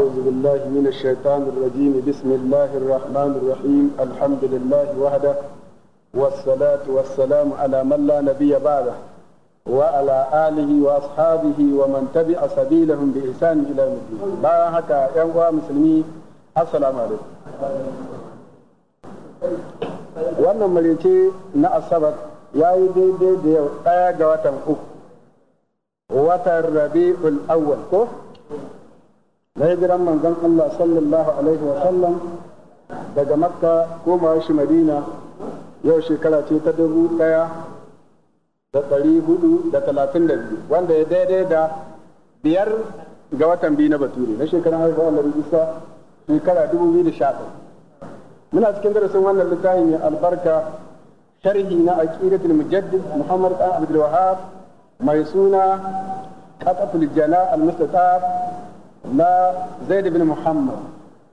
أعوذ بالله من الشيطان الرجيم بسم الله الرحمن الرحيم الحمد لله وحده والصلاة والسلام على من لا نبي بعده وعلى آله وأصحابه ومن تبع سبيلهم بإحسان إلى يوم الدين بارك يا مسلمين السلام عليكم wannan marice na asabar ya yi daidai da yau ɗaya ga watan uku watan rabi'ul awwal ko na hijiran manzon Allah sallallahu alaihi wa sallam daga makka komawa shi madina yau shekara ce ta dubu ɗaya da ɗari hudu da talatin da biyu wanda ya daidai da biyar ga watan biyu na bature na shekarar haihuwa Allah isa shekara dubu biyu da sha muna cikin darasin wannan littafin mai albarka sharhi na aqidatul mujaddid Muhammad Dan, Abdul Wahhab mai suna qatatul jana al-mustataf na zaid bin muhammad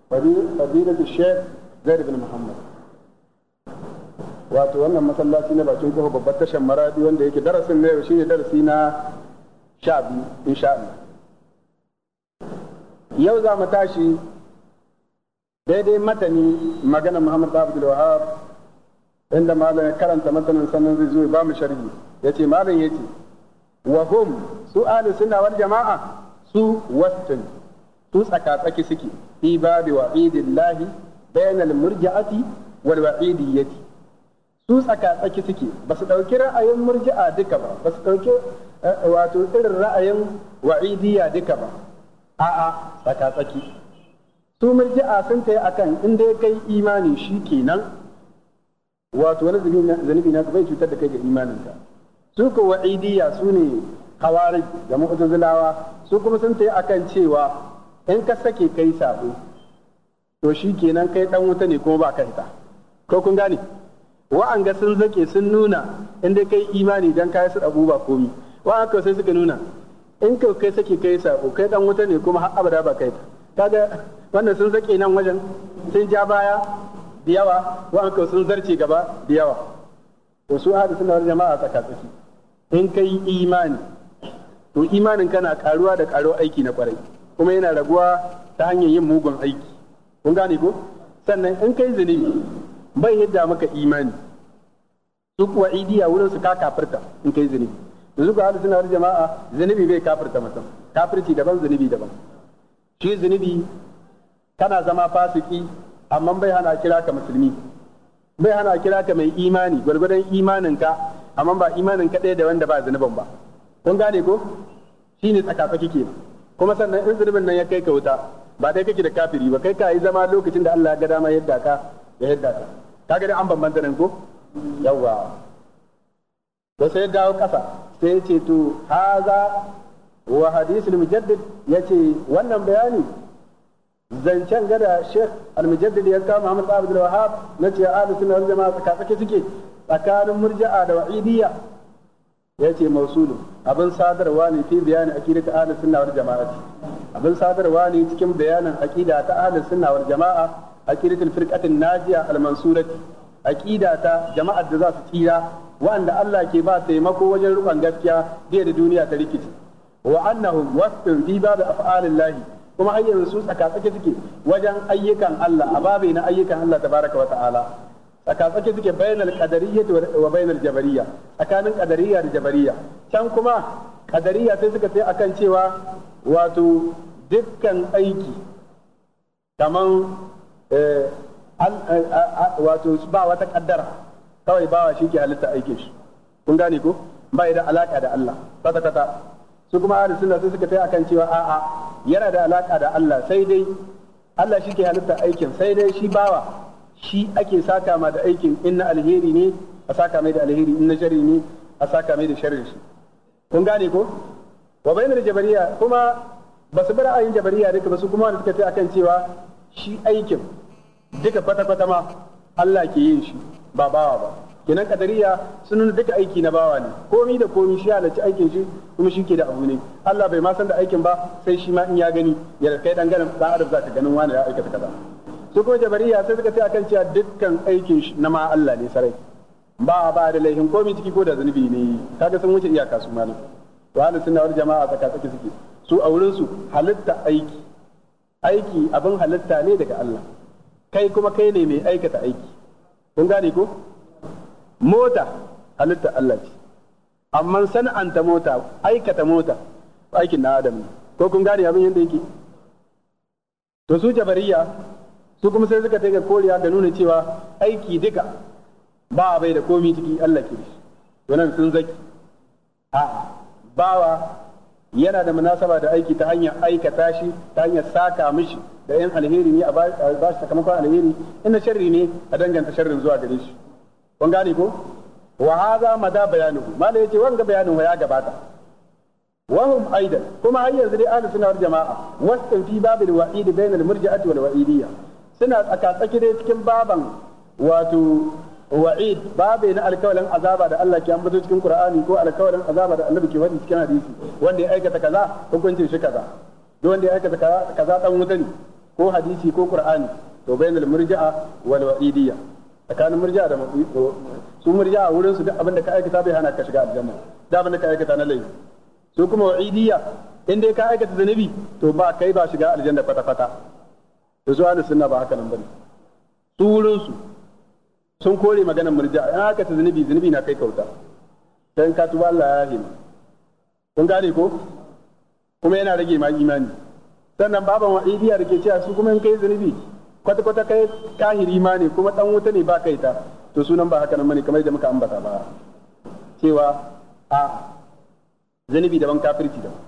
fadilat sheikh zaid bin muhammad wato wannan masallaci na bakin kofa babbar tashar maradi wanda yake darasin na shi ne darasi na sha biyu insha Allah yau za mu tashi daidai matani magana Muhammad Abdul Wahab inda malam ya karanta matanin sannan zai zo ba mu sharhi yace malam yace wa hum su ahli sunna wal jama'a su wastun su tsaka tsaki suke fi babi wa'idillahi bainal murji'ati wal wa'idiyyati su tsaka tsaki suke ba su ɗauki ra'ayin murji'a duka ba ba su ɗauki eh, wato irin ra'ayin wa'idiyya duka ba a'a tsaka tsaki. su murji'a sun ta yi a kan inda ya kai imani shi kenan wato wani zanibi na bai cutar da kai ga imaninka su ko wa'idiyya su ne khawarij da mu'tazilawa su kuma sun tayi akan cewa in ka sake kai sabo to shi kenan kai dan wuta ne kuma ba ka hita ko kun gane wa'anga sun zake sun nuna in dai kai imani dan kai su abu ba komi wa'anga sai suka nuna in ka kai sake kai sabo kai dan wuta ne kuma har abada ba kai kaga wannan sun zake nan wajen sun ja baya da yawa wa'anga sun zarce gaba da yawa to su hada sunna jama'a tsaka tsaki in kai imani to imanin kana karuwa da karo aiki na kwarai kuma yana raguwa ta hanyar yin mugun aiki kun gane ko sannan in kai zunubi bai yadda maka imani su kuwa idiya wurin su ka kafirta in kai zunubi yanzu ga ahlus har jama'a zunubi bai kafirta mutum kafirci daban zunubi daban shi zunubi kana zama fasiki amma bai hana kira ka musulmi bai hana kira ka mai imani gwargwadon imaninka amma ba imanin ka ɗaya da wanda ba zunuban ba kun gane ko shine tsakatsaki ke kuma sannan in zunubin nan ya kai ka wuta ba kai kake da kafiri ba kai ka yi zama lokacin da Allah ya ga dama yadda ka ya yadda ka kaga dai an bambanta nan ko yawa ko sai ya dawo kasa sai ya ce to haza wa hadisul mujaddid ce wannan bayani zancen gada Sheikh al-Mujaddid ya kama Muhammad Abdul Wahhab nace ahlus sunna sunan jamaa tsakatsake suke tsakanin murji'a da wa'idiyya ya ce mausulu abin sadarwa ne fi bayanin aqida ta ahlus sunna wal jama'a abin sadarwa ne cikin bayanin aƙida ta ahlus sunna wal jama'a aqidatul firqatin najiya al mansurati ta jama'ar da za su tsira wanda Allah ke ba taimako wajen rikon gaskiya da da duniya ta rikici wa annahum wasfun fi babu af'alillahi kuma har yanzu su tsaka tsake suke wajen ayyukan Allah a babai na ayyukan Allah tabaraka wa ta'ala tsakatsaki suke bainal qadariyya wa bainal jabariya tsakanin kadariya da jabariya can kuma kadariya sai suka sai akan cewa wato dukkan aiki kamar eh, eh, wato ba wata kaddara kawai bawa shi ke halitta aikin shi kun gane ko ba da alaka da Allah kwata kwata su kuma ahli sunna sai suka sai akan cewa a'a yana da alaka da Allah sai dai Allah shi ke halitta aikin sai dai shi bawa shi ake saka ma da aikin in na alheri ne a saka mai da alheri in na sharri ne a saka mai da sharri shi kun gane ko wa bayanar jabariya kuma ba su bar ayin jabariya duka ba su kuma wanda suka ce akan cewa shi aikin duka kwata-kwata ma Allah ke yin shi ba bawa ba kenan kadariya sun nuna duka aiki na bawa ne komi da komi shi halarci aikin shi kuma shi ke da abu ne Allah bai ma san da aikin ba sai shi ma in ya gani ya kai dan ganin dan adam za ka ganin wani ya aikata kaza su kuma jabariya sai suka ce akan cewa dukkan aikin na ma Allah ne sarai ba ba da laihin komai ciki ko da zunubi ne kaga sun wuce iyaka su mana to ana sunna wal jama'a tsaka tsaki suke su a wurin su halitta aiki aiki abin halitta ne daga Allah kai kuma kai ne mai aikata aiki kun gane ko mota halitta Allah ce amma sana'anta mota aikata mota aikin na adam ne ko kun gane abin yadda yake to su jabariya su kuma sai suka taiga koriya da nuna cewa aiki duka ba bai da komi ciki Allah ke shi wannan sun zaki a'a bawa yana da munasaba da aiki ta hanyar aikata shi ta hanyar saka mishi da yan alheri ne a ba shi sakamakon alheri in sharri ne a danganta sharrin zuwa gare shi kun gane ko wa hadha mada bayanuhu malai yace wanga bayanin ya gabata wa hum aidan kuma har yanzu dai ahlus suna wal jamaa wasan fi babil wa'id bainal murji'ati wal wa'idiyya suna tsakatsaki dai cikin baban wato wa'id babe na alkawalin azaba da Allah ke ambato cikin Qur'ani ko alkawalin azaba da Allah ke faɗi cikin hadisi wanda ya aikata kaza hukuncin shi kaza duk wanda ya aikata kaza dan wuta ne ko hadisi ko Qur'ani to bainal murji'a wal wa'idiyya tsakanin murji'a da su murji'a wurin su duk abin da ka aikata bai hana ka shiga aljanna da abin da ka aikata na laifi su kuma wa'idiyya in dai ka aikata zanabi to ba kai ba shiga aljanna kwata-kwata da zuwa da sunna ba haka nan bane su wurin su sun kore maganar murja in haka ta zunubi zunubi na kai kauta sai ka tuba Allah ya yafe kun gane ko kuma yana rage ma imani sannan baban wa idiya da ke cewa su kuma in kai zunubi kwata kwata kai kahiri ma ne kuma dan wuta ne ba kai ta to sunan ba haka nan bane kamar da muka ambata ba cewa a zunubi daban kafirci daban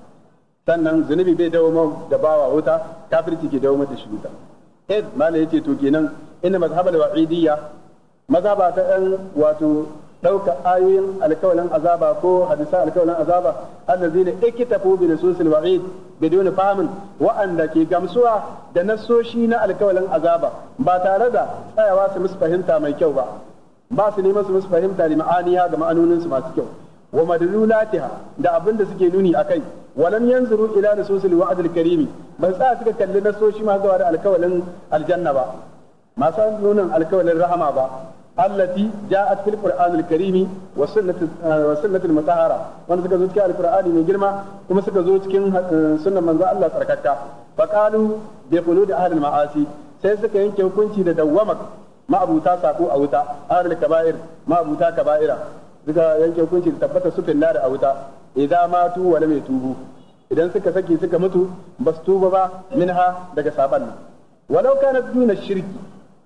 sannan zunubi bai dawo da bawa wuta kafirci ke dawo mata shi wuta id malai yace to kenan inna mazhabal wa'idiyya mazhaba ta ɗan wato ɗauka ayoyin alkawalin azaba ko hadisa alkawalin azaba allazina ikitafu bi nususil wa'id bidun fahmin wa'anda ke gamsuwa da nasoshi na alkawalin azaba ba tare da tsayawa su musu fahimta mai kyau ba ba su neman su musu fahimta da ma'aniya ga ma'anonin su masu kyau wa madlulatiha da abin da suke nuni a kai. Walan yanzuru ila nususil wa'dil karimi ban sa suka kalli nasoshi ma zuwa da alkawalin aljanna ba masu nunan alkawalin rahama ba allati ja'at fil qur'an al wa sunnati wa sunnati al wanda suka zo cikin alqur'ani mai girma kuma suka zo cikin eh, sunnan manzo Allah tsarkaka fa qalu bi quludi ahli maasi sai suka yanke hukunci da dawwama ma'abuta sako a wuta ahli kaba'ir ma'abuta kaba'ira suka yanke hukunci da tabbata su finna a wuta idza matu wa lam yatubu idan suka saki suka mutu basu tuba ba minha daga saban nan walau kana duna shirki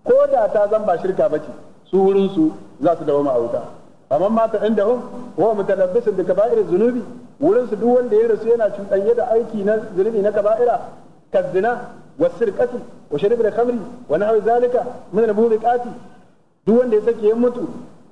ko da ta zan ba shirka bace su wurin su za su dawo a wuta amma mata inda hum wa mutalabbisin bi kaba'ir zunubi wurin su duk wanda ya rasu yana cuɗanye da aiki na zunubi na kaba'ira kazina wa sirqati wa sharibil khamri wa nahwi zalika min al-mubiqati duk wanda ya sake ya mutu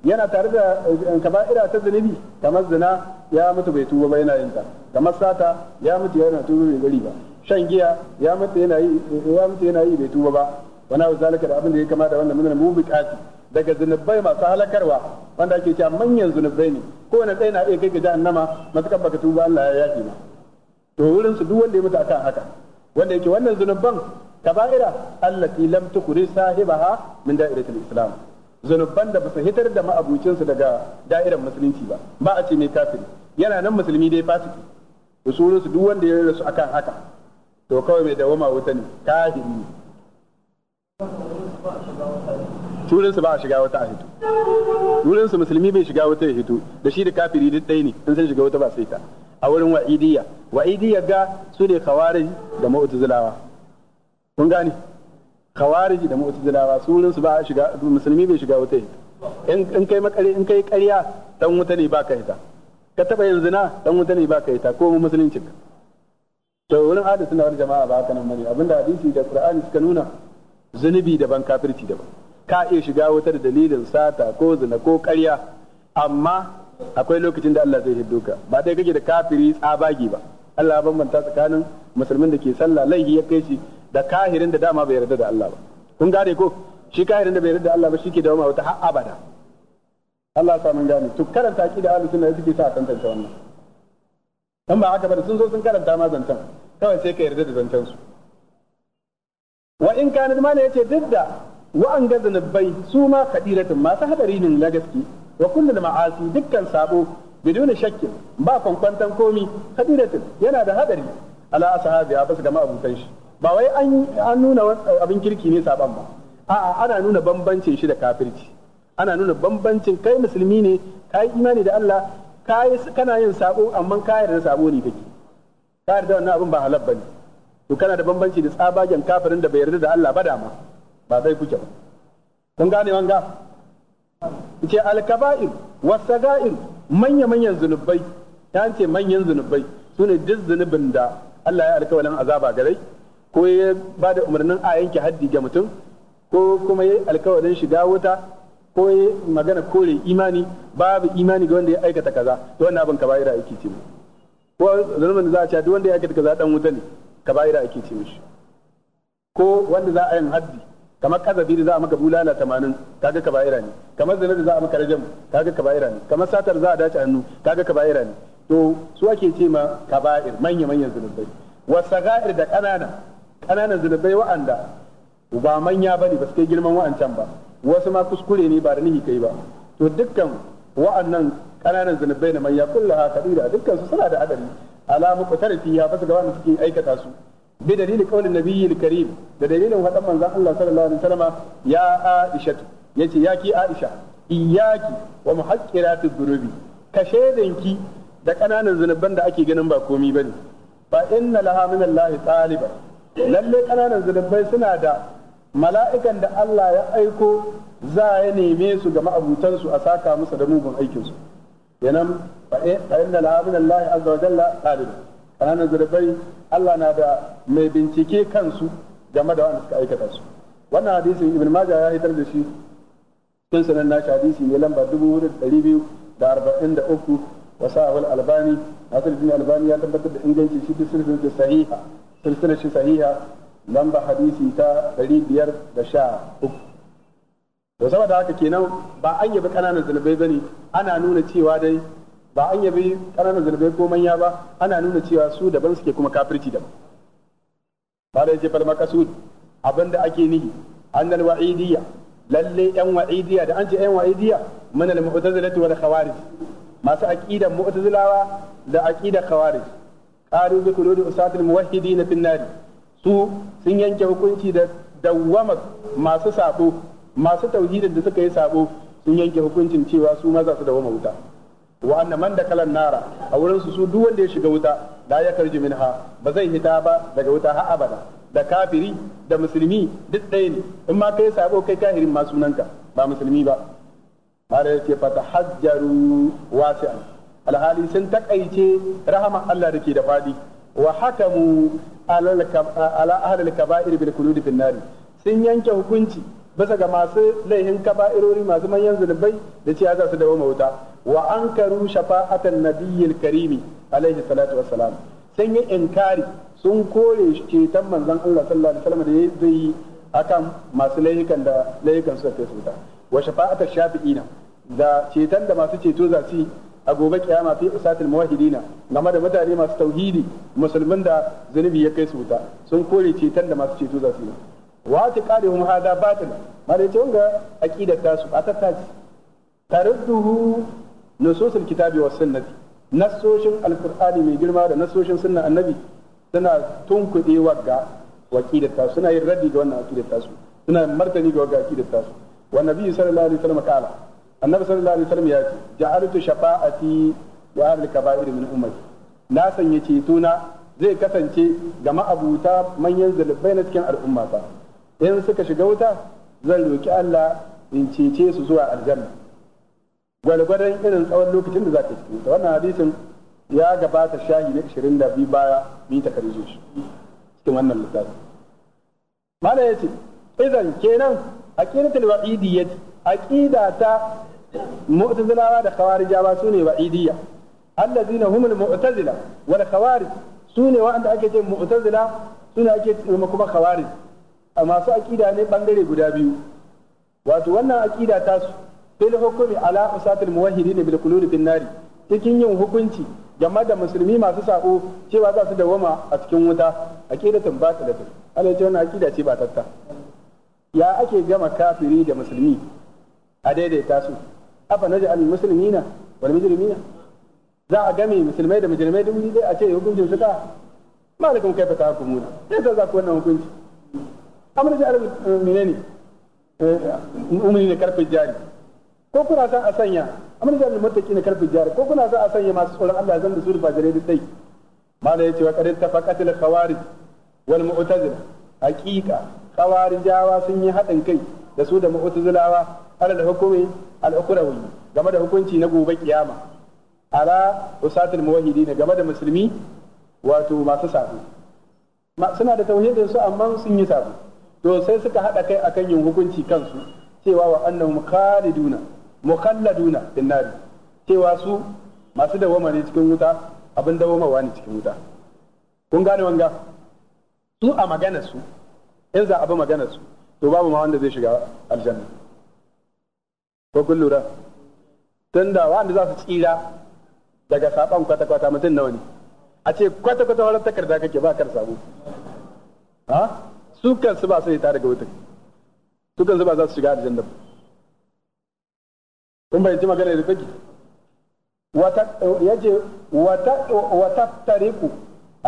yana tare da eh, kaba'ira ta zunubi kamar zina ya mutu bai tuba ba yana yin ta kamar sata ya mutu yana tuba bai bari ba shan giya ya mutu yana yi eh, ya mutu yana yi bai tuba ba wani abu zalika da abin da ya kama da wannan mun mu bukati daga zunubai masu halakarwa wanda ake cewa manyan zunubai ne Wani ɗaya na iya kai ga jahannama matukar baka tuba Allah ya yafe ma to wurin su duk wanda ya mutu akan haka wanda yake wannan zunuban kaba'ira allati lam tukhri sahibaha min da'iratil islam zunuban da ba su hitar da ma'abucinsu daga da'irar musulunci ba ba a ce mai kafiri yana nan musulmi dai fasiki da su duk wanda ya rasu akan haka to kawai mai dawoma wuta ne kafiri ne turinsu ba a shiga wata a hito turinsu musulmi bai shiga wata ya hito da shi da kafiri duk ɗaya ne in sun shiga wata ba sai ta a wurin wa'idiyya wa'idiyya ga su ne khawarij da mu'tazilawa kun gane khawariji da mu'tazilawa su wurin su ba a shiga musulmi bai shiga wuta in kai makare in kai ƙarya dan wuta ne baka ita ka taba yin zina dan wuta ne baka ita ko musulunci to wurin ahlus sunna wani jama'a ba haka nan bane abinda hadisi da qur'ani suka nuna zunubi daban kafirci daban ka iya shiga wuta da dalilin sata ko zina ko ƙarya amma akwai lokacin da Allah zai hiddo ka ba dai kake da kafiri tsabagi ba Allah ya bambanta tsakanin musulmin da ke sallah laihi ya kai shi da kahirin da dama bai yarda da Allah ba kun gane ko shi kahirin da bai yarda da Allah ba shi ke dawama wata har abada Allah ya mun gane to karanta aqida ahlus sunna suke sa tantance wannan dan ba haka ba sun zo sun karanta ma zancan kawai sai ka yarda da zancen su wa in kana ma ne yace duk da wa'an ga zanubai su ma kadiratin masu hadari ne na gaske wa kullu ma'asi dukkan sabo bidon shakki ba kwankwantan komi kadiratin yana da hadari ala ashabi a basu ga ma'abutan shi ba wai an nuna abin kirki ne saban ba a'a ana nuna bambancin shi da kafirci ana nuna bambancin kai musulmi ne kai imani da Allah kai kana yin sabo amma kai yarda sabo ne kake ka yarda wannan abin ba halal bane to kana da bambanci da tsabagen kafirin da bai yarda da Allah ba dama ba zai kuke ba kun gane wanga ce alkaba'ir wasaga'ir manya manyan zunubai ta ce manyan zunubai sune duk zunubin da Allah ya alkawarin azaba gare ko ya ba da umarnin a yanke haddi ga mutum ko kuma ya alkawarin shiga wuta ko ya magana kore imani babu imani ga wanda ya aikata kaza to wannan abin kaba'ira yake ce ko zulmin za a ce duk wanda ya aikata kaza dan wuta ne kaba'ira yake ce mishi ko wanda za a yin haddi kamar kazabi da za a maka bulala tamanin kaga kaba'ira ne kamar zina da za a maka rajam kaga kaba'ira ne kamar satar za a dace hannu kaga kaba'ira ne to su ake ce ma kaba'ir manya manyan zunubai wasa ga'ir da ƙanana ƙananan zunubai wa'anda ba manya bane ba su kai girman wa'ancan ba wasu ma kuskure ne ba da nihi kai ba to dukkan wa'annan ƙananan zunubai na manya kullum kullaha kabira dukkan su suna da adari ala muqtarifi ya fasa gaban suke aikata su bi dalilin qaulin nabiyyi karim da dalilin hadan manzon Allah sallallahu alaihi wasallam ya Aisha yace ya ki Aisha iyyaki wa mu muhaqqirati dhurubi kashe danki da ƙananan zunuban da ake ganin ba komi bane ba inna laha min Allah taliba lalle kananan zunubai suna da mala'ikan da Allah ya aiko za ya neme su ga ma'abutansu a saka musu da mugun aikinsu yanan fa inna la'abin Allah azza wa jalla qadir kananan zunubai Allah na da mai bincike kansu game da wanda suka aikata su wannan hadisin ibn majah ya hitar da shi cikin sanan nashi hadisi ne lamba biyu da arba'in da albani hadith al-albani ya tabbatar da inganci shi da sirrin sahiha silsilar shi sahiha lamba hadisi ta ɗari biyar da sha kenan ba an yabi kananan zunubai bane ana ba an yabi kananan zunubai ko manya ba ana nuna cewa su daban suke kuma kafirci daban ba da yake fal makasud abinda ake nihi annal wa'idiyya lalle yan wa'idiyya da an ce yan wa'idiyya min da mu'tazilati wal khawarij masu aqidan mu'tazilawa da aqidar khawarij qalu bi khuludi usatil muwahhidin fi su sun yanke hukunci da dawwama masu sabo masu tauhidin da suka yi sabo sun yanke hukuncin cewa su ma za su dawwama wuta wa anna man da kalan nara a wurin su su duk wanda ya shiga wuta da ya karji minha ba zai hita ba daga wuta har abada da kafiri da musulmi duk ɗaya ne in ma kai sabo kai kahirin ma sunanka ba musulmi ba har yace fatahajjaru wasi'an alhali sun takaice rahama Allah da ke da fadi wa hakamu ala ahlil kaba'ir bil khulud fin nari sun yanke hukunci bisa ga masu laihin kaba'irori masu manyan zunubai da cewa za su dawo mauta wa ankaru shafa'atan nabiyil karimi alaihi salatu wassalam sun yi inkari sun kore ceton manzon Allah sallallahu alaihi wasallam da zai yi akan masu laifukan da laifukan su da ta wa shafa'atan shafi'ina da ceton da masu ceto za su yi a gobe kiyama fi usatil muwahhidina game da mutane masu tauhidi musulmin da zunubi ya kai su wuta sun kore ceton da masu ceto za su yi wa tiqadihum hada batil mare ce wanga aqidar ta su aka tashi tarudduhu nususul kitabi was sunnati nassoshin alqur'ani mai girma da nasoshin sunnan annabi suna tunkuɗe wagga waqidar ta suna yin raddi ga wannan aqidar ta su suna martani ga wagga aqidar ta su wa nabi sallallahu alaihi wasallam kala annabi sallallahu alaihi wasallam ya ce ja'altu shafa'ati wa ahli kaba'ir min ummati na sanya cetona zai kasance ga ma'abuta manyan zalibai na cikin al'umma ba. in suka shiga wuta zan roki Allah in cece su zuwa aljanna gwalgwadon irin tsawon lokacin da za ka cikin wannan hadisin ya gabata shahi na 22 baya bi ta karje shi cikin wannan littafin mala yace idan kenan aqidatul wa'idiyyah aqidata mu'tazilawa da khawarijawa sune ne wa'idiyya allazina humul mu'tazila wal khawarij sune ne wa'anda ake ce mu'tazila su ne ake ce kuma khawarij a masu aqida ne bangare guda biyu wato wannan aqida ta su fil hukumi ala usatil muwahhidin bil qulubi bin nari cikin yin hukunci game da musulmi masu sako cewa za su dawama a cikin wuta aqidatun batilatun Allah ce wannan aqida ce ba tatta ya ake gama kafiri da musulmi a daidaita su afa naj'al muslimina wal mujrimina za a game musulmai da mujrimai duk dai a ce hukuncin suka da malakum kaifa tahkumuna sai ta za ku wannan hukunci amma da arab menene umuni ne karfin jari ko kuna son a sanya amma da muttaqi ne karfin jari ko kuna son a sanya masu tsoron Allah zan da suru rufa jare duk dai mala yace wa qad tafaqatil khawarij wal mu'tazila haqiqa khawarijawa sun yi hadin kai da su da mu'tazilawa alal hukumi al ukrawi game da hukunci na gobe kiyama ala usatul muwahhidin game da musulmi wato masu sabu suna da tauhidin su amma sun yi sabu to sai suka hada kai akan yin hukunci kansu cewa wa annahum khaliduna mukhalladuna bin nar cewa su masu dawama ne cikin wuta abin dawamawa ne cikin wuta kun gane wanga su a magana su in za a bi maganar su to babu ma wanda zai shiga aljanna ko kun lura tun da wanda za su tsira daga saban kwata-kwata mutum nawa ne a ce kwata-kwata wani takarda kake ba kar samu ha su su ba yi ta daga wutar su su ba za su shiga aljanna ba kun bayyanci magana da kake wata yace wata wata tariku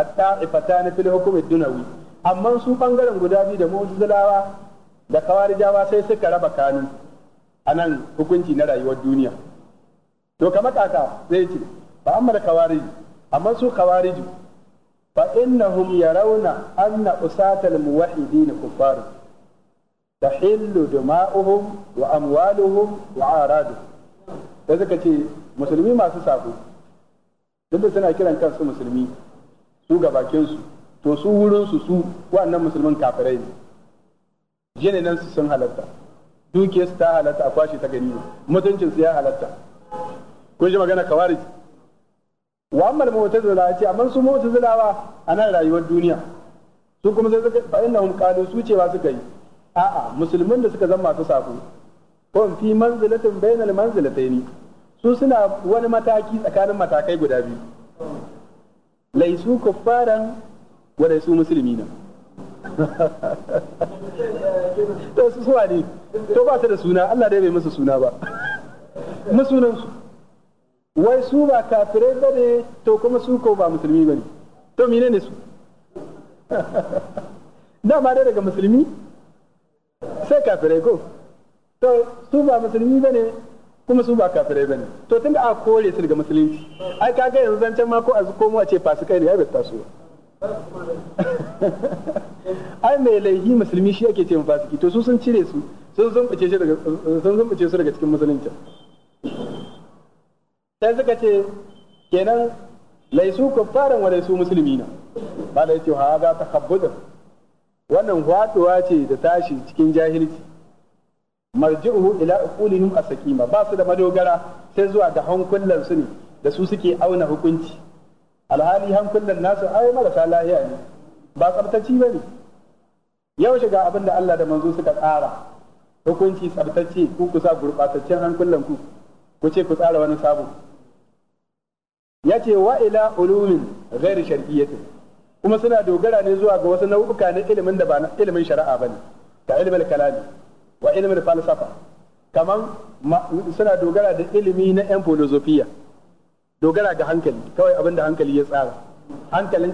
at-ta'ifatan fil fili hukumar dunawi amma su bangaren guda biyu da mu'tazilawa da kawarijawa sai suka raba kanu a nan hukunci na rayuwar duniya to ka kaka zai ce ba amma kawariji amma su kawariji fa innahum yarawna anna usatal da kuffar tahillu dima'uhum wa amwaluhum wa aradu da suka ce musulmi masu sako da suna kiran kansu musulmi su ga bakinsu to su wurinsu su wannan musulmin kafirai ne jini nan su sun halatta dukiyarsu ta halatta a kwashe ta gani mutuncin su ya halatta kun ji magana kawari wa amma mu'tazila ya ce amma su a nan rayuwar duniya su kuma sai suka fa innahum qalu su cewa suka yi a'a musulmin da suka zama masu sako kun fi manzilatin bainal manzilataini su suna wani mataki tsakanin matakai guda biyu laisu kuffaran wa laisu musulmina to su suwa ne to ba su da suna Allah dai bai musu suna ba su wai su ba kafirai ba ne to kuma su ko ba musulmi ba ne to mine ne su na ma dai daga musulmi sai kafirai ko to su ba musulmi ba ne kuma su ba kafirai ba ne to da a kore su daga musulunci ai kaga yanzu zancen ma ko a komo a ce fasikai ne ya bai taso ba ai mai laifi musulmi shi ake ce fasiki to su sun cire su sun zumbace su daga cikin musulunci sai suka ce kenan laisu kuffaran wa laisu na. ba da yake ha za ta wannan faduwa ce da tashi cikin jahilci marji'uhu ila uqulihim asqima ba su da madogara sai zuwa da hankulan su ne da su suke auna hukunci alhali hankulan nasu ai marasa lahiya ne ba tsabtaci ba ne yau shiga abin da Allah da manzo suka tsara hukunci tsabtacce ku kusa gurɓataccen hankulan ku ku ce ku tsara wani sabo ya ce wa ila ulumin ghairi shar'iyyatin kuma suna dogara ne zuwa ga wasu nau'uka na ilimin da ba na ilimin shari'a bane ka ilimin kalami wa ilimin falsafa kaman suna dogara da ilimi na yan filosofiya dogara ga hankali kawai abin da hankali ya tsara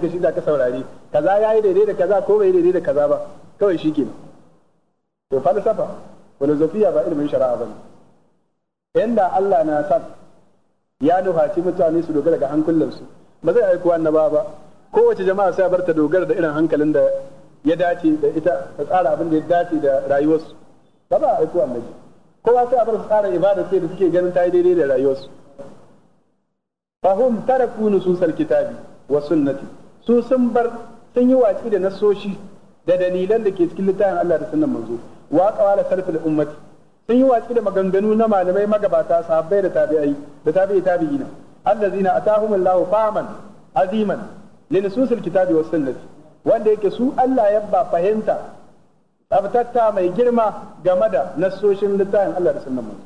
ka shi za ka saurari kaza ya yi daidai da kaza ko bai daidai da kaza ba kawai shi ke to falsafa filosofiya ba ilimin shari'a ba ne inda Allah na san ya nufaci mutane su dogara ga hankulansu ba zai aiko annaba ba kowace jama'a sai barta dogara da irin hankalin da ya dace da ita ta tsara abin da ya dace da rayuwarsu ba ba aiko annabi kowa sai a bar su tsara ibada sai da suke ganin ta yi daidai da rayuwarsu fahum taraku nususar kitabi wa sunnati su sun bar sun yi watsi da nasoshi da dalilan da ke cikin littafin Allah da sunnan manzo wa qawala salafil ummati sun yi watsi da maganganu na malamai magabata sahabbai da tabi'ai da tabi'i tabi'ina allazina atahumullahu fahman aziman li nususil kitabi wa sunnati wanda yake su Allah ya ba fahimta tsabtatta mai girma game da nasoshin littafin Allah da sunnan manzo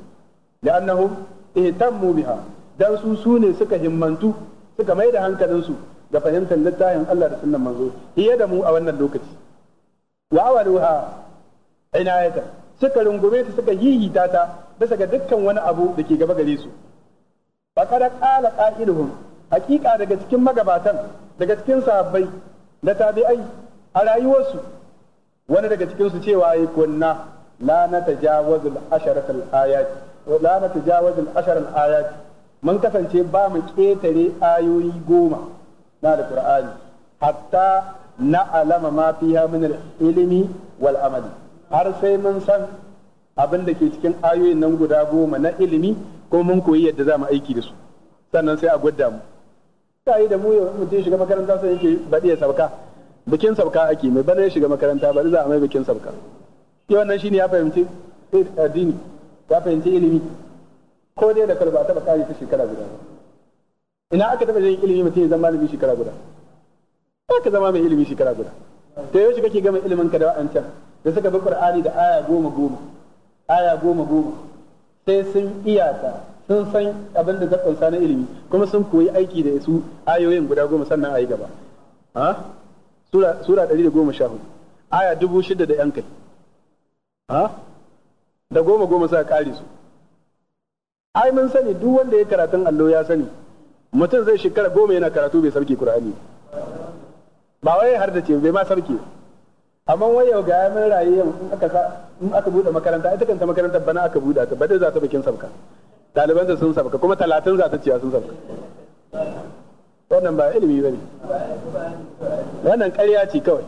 li'annahum ihtammu biha dan su su ne suka himmantu suka mai da hankalinsu da fahimtar littafin Allah da sunan manzo hiye da mu a wannan lokaci wa awaluha inayata suka rungume ta suka hihita ta bisa ga dukkan wani abu da ke gaba gare su faqad qala qa'iluhum hakika daga cikin magabatan daga cikin sahabbai da tabi'ai a rayuwarsu wani daga cikin su cewa yi kunna la natajawazul asharatul ayat la natajawazul ayat mun kasance ba mu ƙetare ayoyi goma na alqur'ani hatta na alama ma fiha min ilimi wal amali har sai mun san abin da ke cikin ayoyin nan guda goma na ilimi ko mun koyi yadda za mu aiki da su sannan sai a gwada mu ta yi da mu yau mutum shiga makaranta sai yake baɗi ya sauka bikin sauka ake mai bane ya shiga makaranta bari za a mai bikin sauka shi wannan shine ya fahimci addini ya fahimci ilimi ko dai da kalba taba kare ta shekara guda ina aka taba yin ilimi mutum ya zama malami shekara guda ka zama mai ilimi shekara guda ta yau kake gama ilimin ka da wa'ancan da suka bi qur'ani da aya goma goma aya goma goma sai sun iyaka sun san abin da zakonsa na ilimi kuma sun koyi aiki da su ayoyin guda goma sannan a yi gaba ha sura sura hudu, aya 6000 da yan kai ha da goma goma sa kare su ai mun sani duk wanda ya karatun allo ya sani mutum zai shekara goma yana karatu bai sarki qur'ani ba wai har da ce bai ma sarki amma wai yau ga mun rayu yau in aka in aka bude makaranta ita kanta makarantar bana aka bude ta dai za ta bikin sabka ɗalibanta sun sabka kuma talatin za ta ciya sun sabka wannan ba ilimi bane wannan ƙarya ce kawai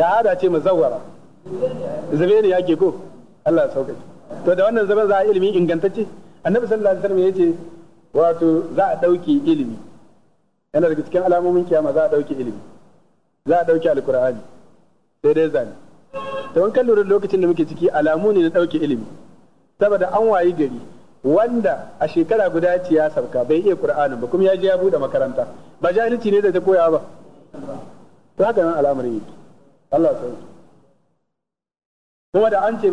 shahada ce muzawwara zube ne yake ko Allah ya to da wannan zaman za a ilimi ingantacce annabi sallallahu alaihi wasallam yace wato za a dauke ilimi yana daga cikin alamomin kiyama za a dauke ilimi za a dauke alqur'ani sai dai zane to in kan lura lokacin da muke ciki alamu ne na dauke ilimi saboda an wayi gari wanda a shekara guda ce ya sauka bai iya qur'anin ba kuma ya je ya bude makaranta ba jahilci ne da ta koya ba to haka nan al'amarin yake Allah ya kuma da an ce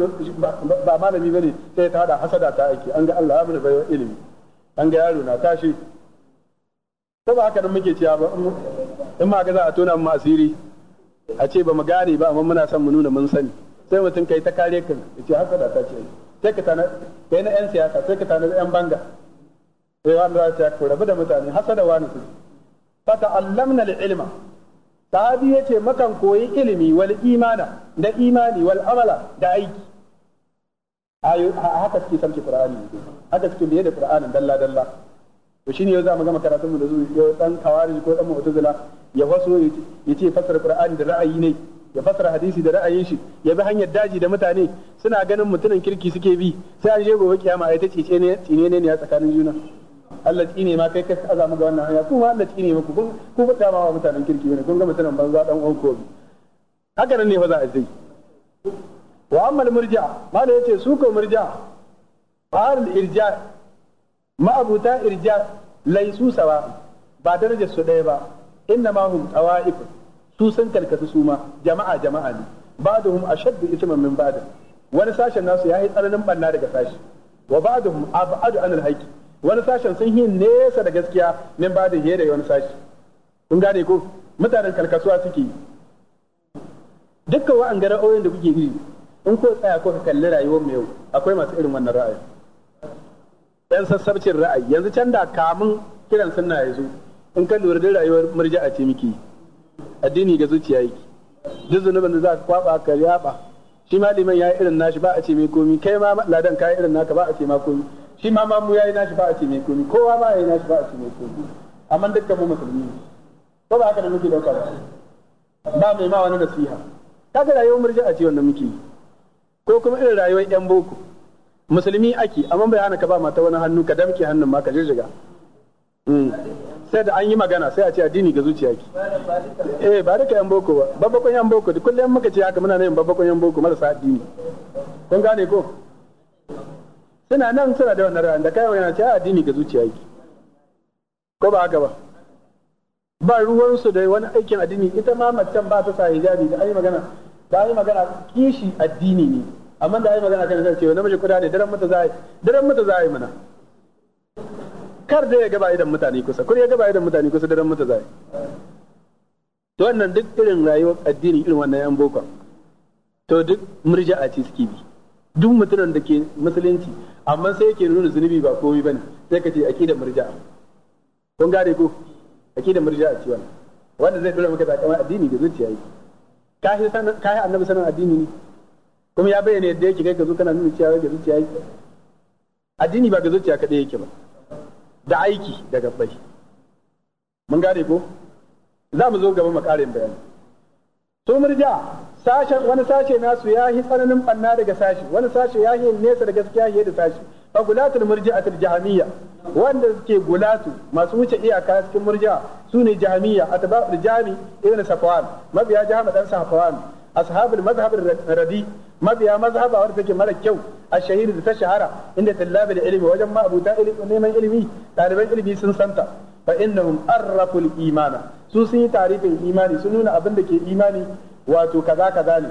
ba malami bane sai ta da hasada ta aiki an ga Allah ya mana baiwa ilimi an ga yaro na tashi ko ba haka nan muke cewa ba in ma ga za a tona mu asiri a ce ba mu gane ba amma muna son mu nuna mun sani sai mutum kai ta kare kan ya ce hasada ta ce sai ka tana kai na yan siyasa sai ka tana yan banga sai eh, wanda za ta ku rabu da mutane hasada wani su Fata allamna lil ilma sahabi ya ce makan koyi ilimi wal imana da imani wal amala da aiki haka suke samce qur'ani haka suke biye da qur'ani dalla dalla to shine yau za mu gama karatun mu da zuwa dan kawari ko dan mu'tazila ya faso ya ce fasara qur'ani da ra'ayi ne ya fasara hadisi da ra'ayin shi ya bi hanyar daji da mutane suna ganin mutumin kirki suke bi sai an je gobe kiyama ai ta cice ne tsine ne a tsakanin juna Allah ne ma kai ka aza mu ga wannan hanya kuma Allah ne muku kun ku fada ma mutanen kirki ne kun ga mutanen banza dan uwan kobi haka nan ne fa za a yi wa amma murja mala yace su ko murja fa'al irja ma'abuta irja laisu sawa ba darajar su ɗaya ba inna ma hum tawa'if su sun karkatu su ma jama'a jama'a ne ba'dhum ashaddu ithman min ba'd wani sashen nasu yayi tsananin banna daga sashi wa ba'dhum ab'adu anil haqq wani sashen sun yi nesa da gaskiya min ba da da wani sashi kun gane ko mutanen karkasuwa suke yi dukkan wa'an gara oyin da kuke yi in ko tsaya ko ka kalli rayuwar mu yau akwai masu irin wannan ra'ayi yan sassabcin ra'ayi yanzu can da kamun kiran sunna ya zo in ka lura da rayuwar murja'a ce miki addini ga zuciya yake duk zunubin da za ka kwaba ka yaba shi ma liman ya irin nashi ba a ce mai komi kai ma ladan ka irin naka ba a ce ma komi shi ma ya yayi nashi ba a ce mai komi kowa ba yayi nashi ba a ce mai komi amma dukkan mu musulmi ne ko ba haka da muke dauka ba ba mai ma wani nasiha kaga rayuwar murji a ce wanda muke ko kuma irin rayuwar yan boko musulmi ake amma bai hana ka ba mata wani hannu ka damke hannun ma ka jirjiga mm. sai da an yi magana sai a ce addini ga zuciya ki eh ba duka yan boko ba babbakon yan boko duk kullum muka ce haka muna yin babbakon yan boko marasa addini kun gane ko suna nan suna da wannan ra'ayin da kai ce cewa addini ga zuciya yake ko ba haka ba ba ruwansu da wani aikin addini ita ma macen ba ta sa hijabi da ai magana da ai magana kishi addini ne amma da ai magana kan zai ce namiji kuda ne daren mata zai daren mata zai mana kar da ya gaba idan mutane kusa kur ya gaba idan mutane kusa daren mata zai to wannan duk irin rayuwar addini irin wannan yan boko to duk murja'a ce suke bi duk mutumin da ke musulunci amma sai yake nuna zunubi ba komai bane sai ka ce aqidar murja'a kun gane ko aqidar murja'a ce wannan wanda zai dora maka takamai addini da zuciya yi ka yi annabi sanin addini ne kuma ya bayyana yadda yake kai ka zo kana nuna cewa ga zuciya yake addini ba ga zuciya kaɗai yake ba da aiki da gabbai mun gane ko za mu zo gaba mu ƙarin bayani su murja sashe, wani sashe nasu ya yi tsananin banna daga sashe, wani sashe ya yi nesa da gaskiya ya da sashe. fa gulatul murji'atul jahmiyya wanda suke gulatu masu wuce iyaka cikin murja sune jahmiyya atba'ul jami ibn safwan mabiya jahmi dan safwan ashabul mazhab radi mabiya mazhaba wanda take mara kyau a shahiri da ta shahara inda tallabi da ilimi wajen ma'abuta ilimi neman ilimi ɗaliban ilimi sun santa fa innahum arraful imana su sun yi tarifin imani sun nuna abin da ke imani wato kaza kaza ne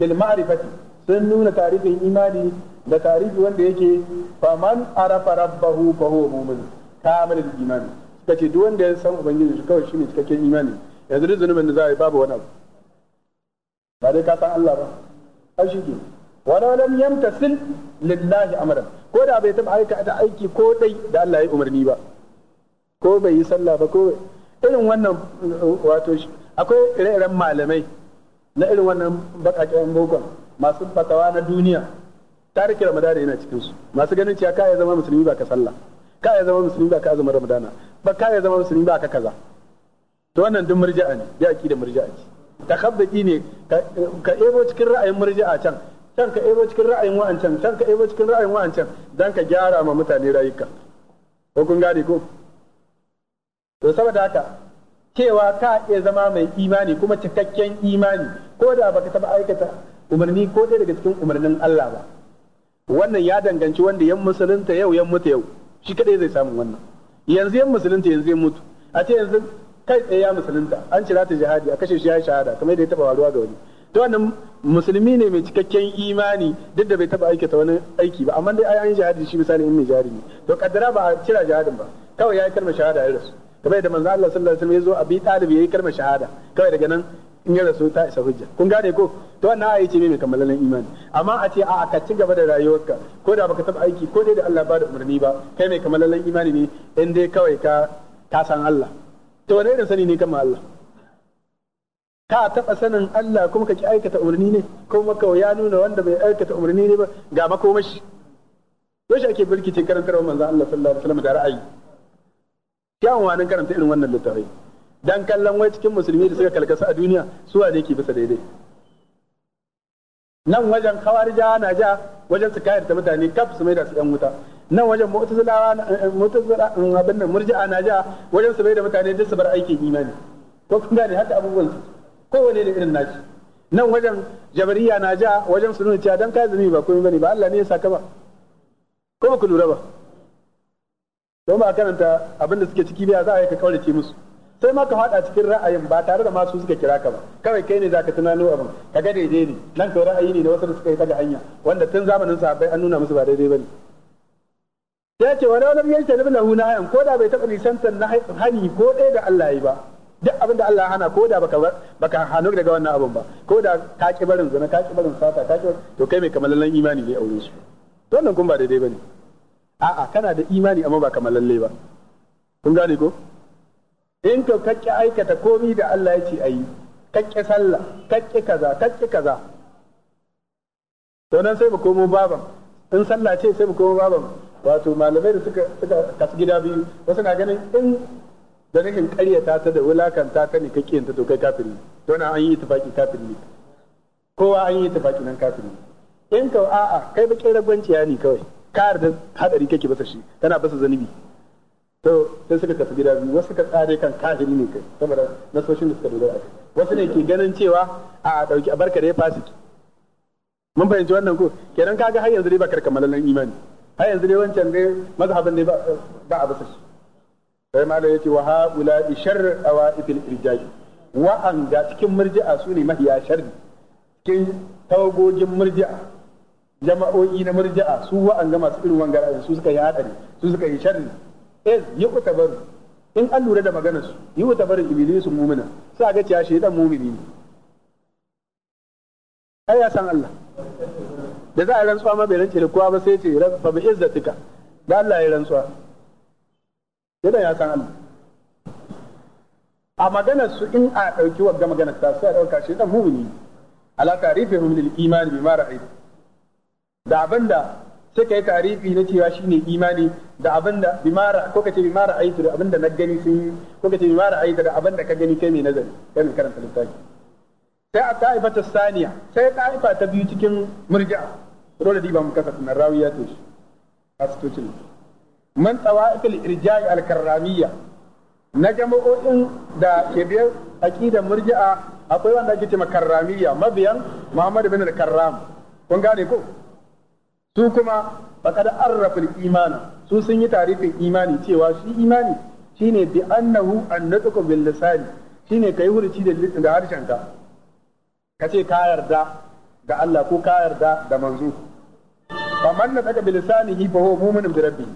bil ma'rifati sun nuna tarifin imani da tarifi wanda yake faman arafa rabbahu fa huwa mu'min kamilul imani suka ce duk wanda ya san ubangiji shi kawai shine cikakken imani yanzu duk zunubin da za a yi babu wani abu ba dai ka san Allah ba ai shi ke wala lam yamtasil lillahi amran ko da bai taba aikata aiki ko dai da Allah ya umarni ba ko bai yi sallah ba ko irin wannan wato akwai ire-iren malamai na irin wannan bakaken bokon masu fatawa na duniya tarikin Ramadan yana cikin su masu ganin cewa ka ya zama musulmi ba ka sallah ka ya zama musulmi ba ka azumar ramadana ba ka ya zama musulmi ba ka kaza to wannan duk murji'a ne ya da murji'a ce takhabbaki ne ka ebo cikin ra'ayin murji'a can can ka ebo cikin ra'ayin wa'ancan can ka ebo cikin ra'ayin wa'ancan dan ka gyara ma mutane rayuka ko kun gane ko to saboda haka cewa ka iya zama mai imani kuma cikakken imani ko da baka taba aikata umarni ko ɗaya daga cikin umarnin Allah ba wannan ya danganci wanda yan musulunta yau yan mutu yau shi kaɗai zai samu wannan yanzu yan musulunta yanzu yan mutu a ce yanzu kai tsaye ya musulunta an cira ta jihadi a kashe shi ya shahada kamar yadda ya taɓa waruwa ga wani to wannan musulmi ne mai cikakken imani duk da bai taɓa aikata wani aiki ba amma dai ai an jihadi shi misali in mai jihadi ne to kaddara ba a cira jihadin ba kawai ya yi kalmar shahada ya rasu kamar yadda manzo Allah sallallahu alaihi wasallam ya zo a bi talib yayi kalmar shahada kawai daga nan in ya rasu ta isa hujja kun gane ko to wannan ayi ce mai kammalalan imani amma a ce a ka ci gaba da rayuwarka ko da baka taba aiki ko dai da Allah ba da umarni ba kai mai kammalalan imani ne in dai kawai ka ka san Allah to wani irin sani ne kamar Allah ka taɓa sanin Allah kuma ka ki aikata umarni ne kuma maka ya nuna wanda bai aikata umarni ne ba ga makomashi yaushe ake birkice karantarwa manzo Allah sallallahu alaihi wasallam da ra'ayi kyawun wani karanta irin wannan littafai dan kallon wai cikin musulmi da suka kalkasa a duniya su ne ke bisa daidai nan wajen kawarja na ja wajen su kayar da mutane kaf su mai da su yan wuta nan wajen mu'tazilawa eh, mu'tazila eh, abin nan murji'a na ja wajen su mai da mutane duk su bar aikin imani ko kun gane hatta abubuwan su kowane da irin nashi nan wajen jabariya na ja wajen su nuna cewa dan kai zumi ba komai bane ba Allah ne ya saka ba ko ku lura ba don ba karanta abin da suke ciki biya za a yi ka kaurace musu sai ma ka faɗa cikin ra'ayin ba tare da masu suka kira ka ba kawai kai ne za ka tunano abin ka ga daidai ne nan ka ra'ayi ne da wasu da suka yi ta ga hanya wanda tun zamanin sahabbai an nuna musu ba daidai bane ya ce wani wani yanke nabi lahu na hayan ko da bai taɓa nisantar na hani ko ɗaya da Allah ya yi ba duk abin da Allah hana ko da baka baka daga wannan abin ba ko da ka ki barin zina ka ki barin sata ka ƙi to kai mai kamalallen imani ne wurin su wannan kun ba daidai bane a'a kana da imani amma ba kamar lalle ba kun gane ko in ka kakke aikata komi da Allah ya ce ayi kakke sallah kakke kaza kakke kaza to nan sai mu komo baban in sallah ce sai mu komo baban wato malamai da suka suka kasu gida biyu wasu na ganin in da rashin ƙaryata ta da wulakanta ta ne kake ta to kai kafiri to na an yi tafaki kafiri ne kowa an yi tafaki nan kafiri in ka a'a kai bakin ragwanciya ne kawai kare da hadari kake basa shi tana basa zanibi to sai suka kasu gida biyu wasu ka tsare kan kafiri ne kai saboda nasoshin da suka dogara kai wasu ne ke ganin cewa a dauki a barka da ya fasiki mun fahimci wannan ko kenan kaga har yanzu dai ba karkamalan imani har yanzu dai wancan dai mazhaban ne ba a basa shi sai ya ce wa haula ishar awaifil irjaji wa'anga cikin murji'a su ne mahiya sharri cikin tawagogin murji'a jama'o'i na murja'a su wa'anga masu irin wanga ra'ayi su suka yi hadari su suka yi sharri eh yi bari in an lura da maganar su yi utabaru iblisu mu'mina sai ga cewa shaytan mu'mini ne ai ya san Allah da za a rantsuwa ma bai rance da kowa ba sai ce fa bi izzatika da Allah ya rantsuwa shaytan ya san Allah a maganar su in a dauki wagga maganar ta sai a dauka dan mu'mini ala tarifihum lil iman ma ra'aytu da abin da suka yi tarifi na cewa shi ne imani da abin da bimara ko kace bimara aitu da abin da na gani sun yi ko kace bimara aitu da abin da ka gani kai mai nazari kai mai karanta littafi sai a ta'ifa ta saniya sai ta'ifa ta biyu cikin murji'a dole diba mu kasa tunan rawiya ta shi asitocin man tsawa'ikul irja'i al na jama'o'in da ke biyar aqidar murji'a akwai wanda ake cewa karramiyya mabiyan Muhammad bin al-Karram kun gane ko su kuma faqad arrafa imana su sun yi tarifin imani cewa shi imani shine bi annahu annatuku bil lisani shine kai hurci da da ka kace ka yarda ga Allah ko ka yarda da manzo man na saka bilisanihi fa huwa mu'minun bi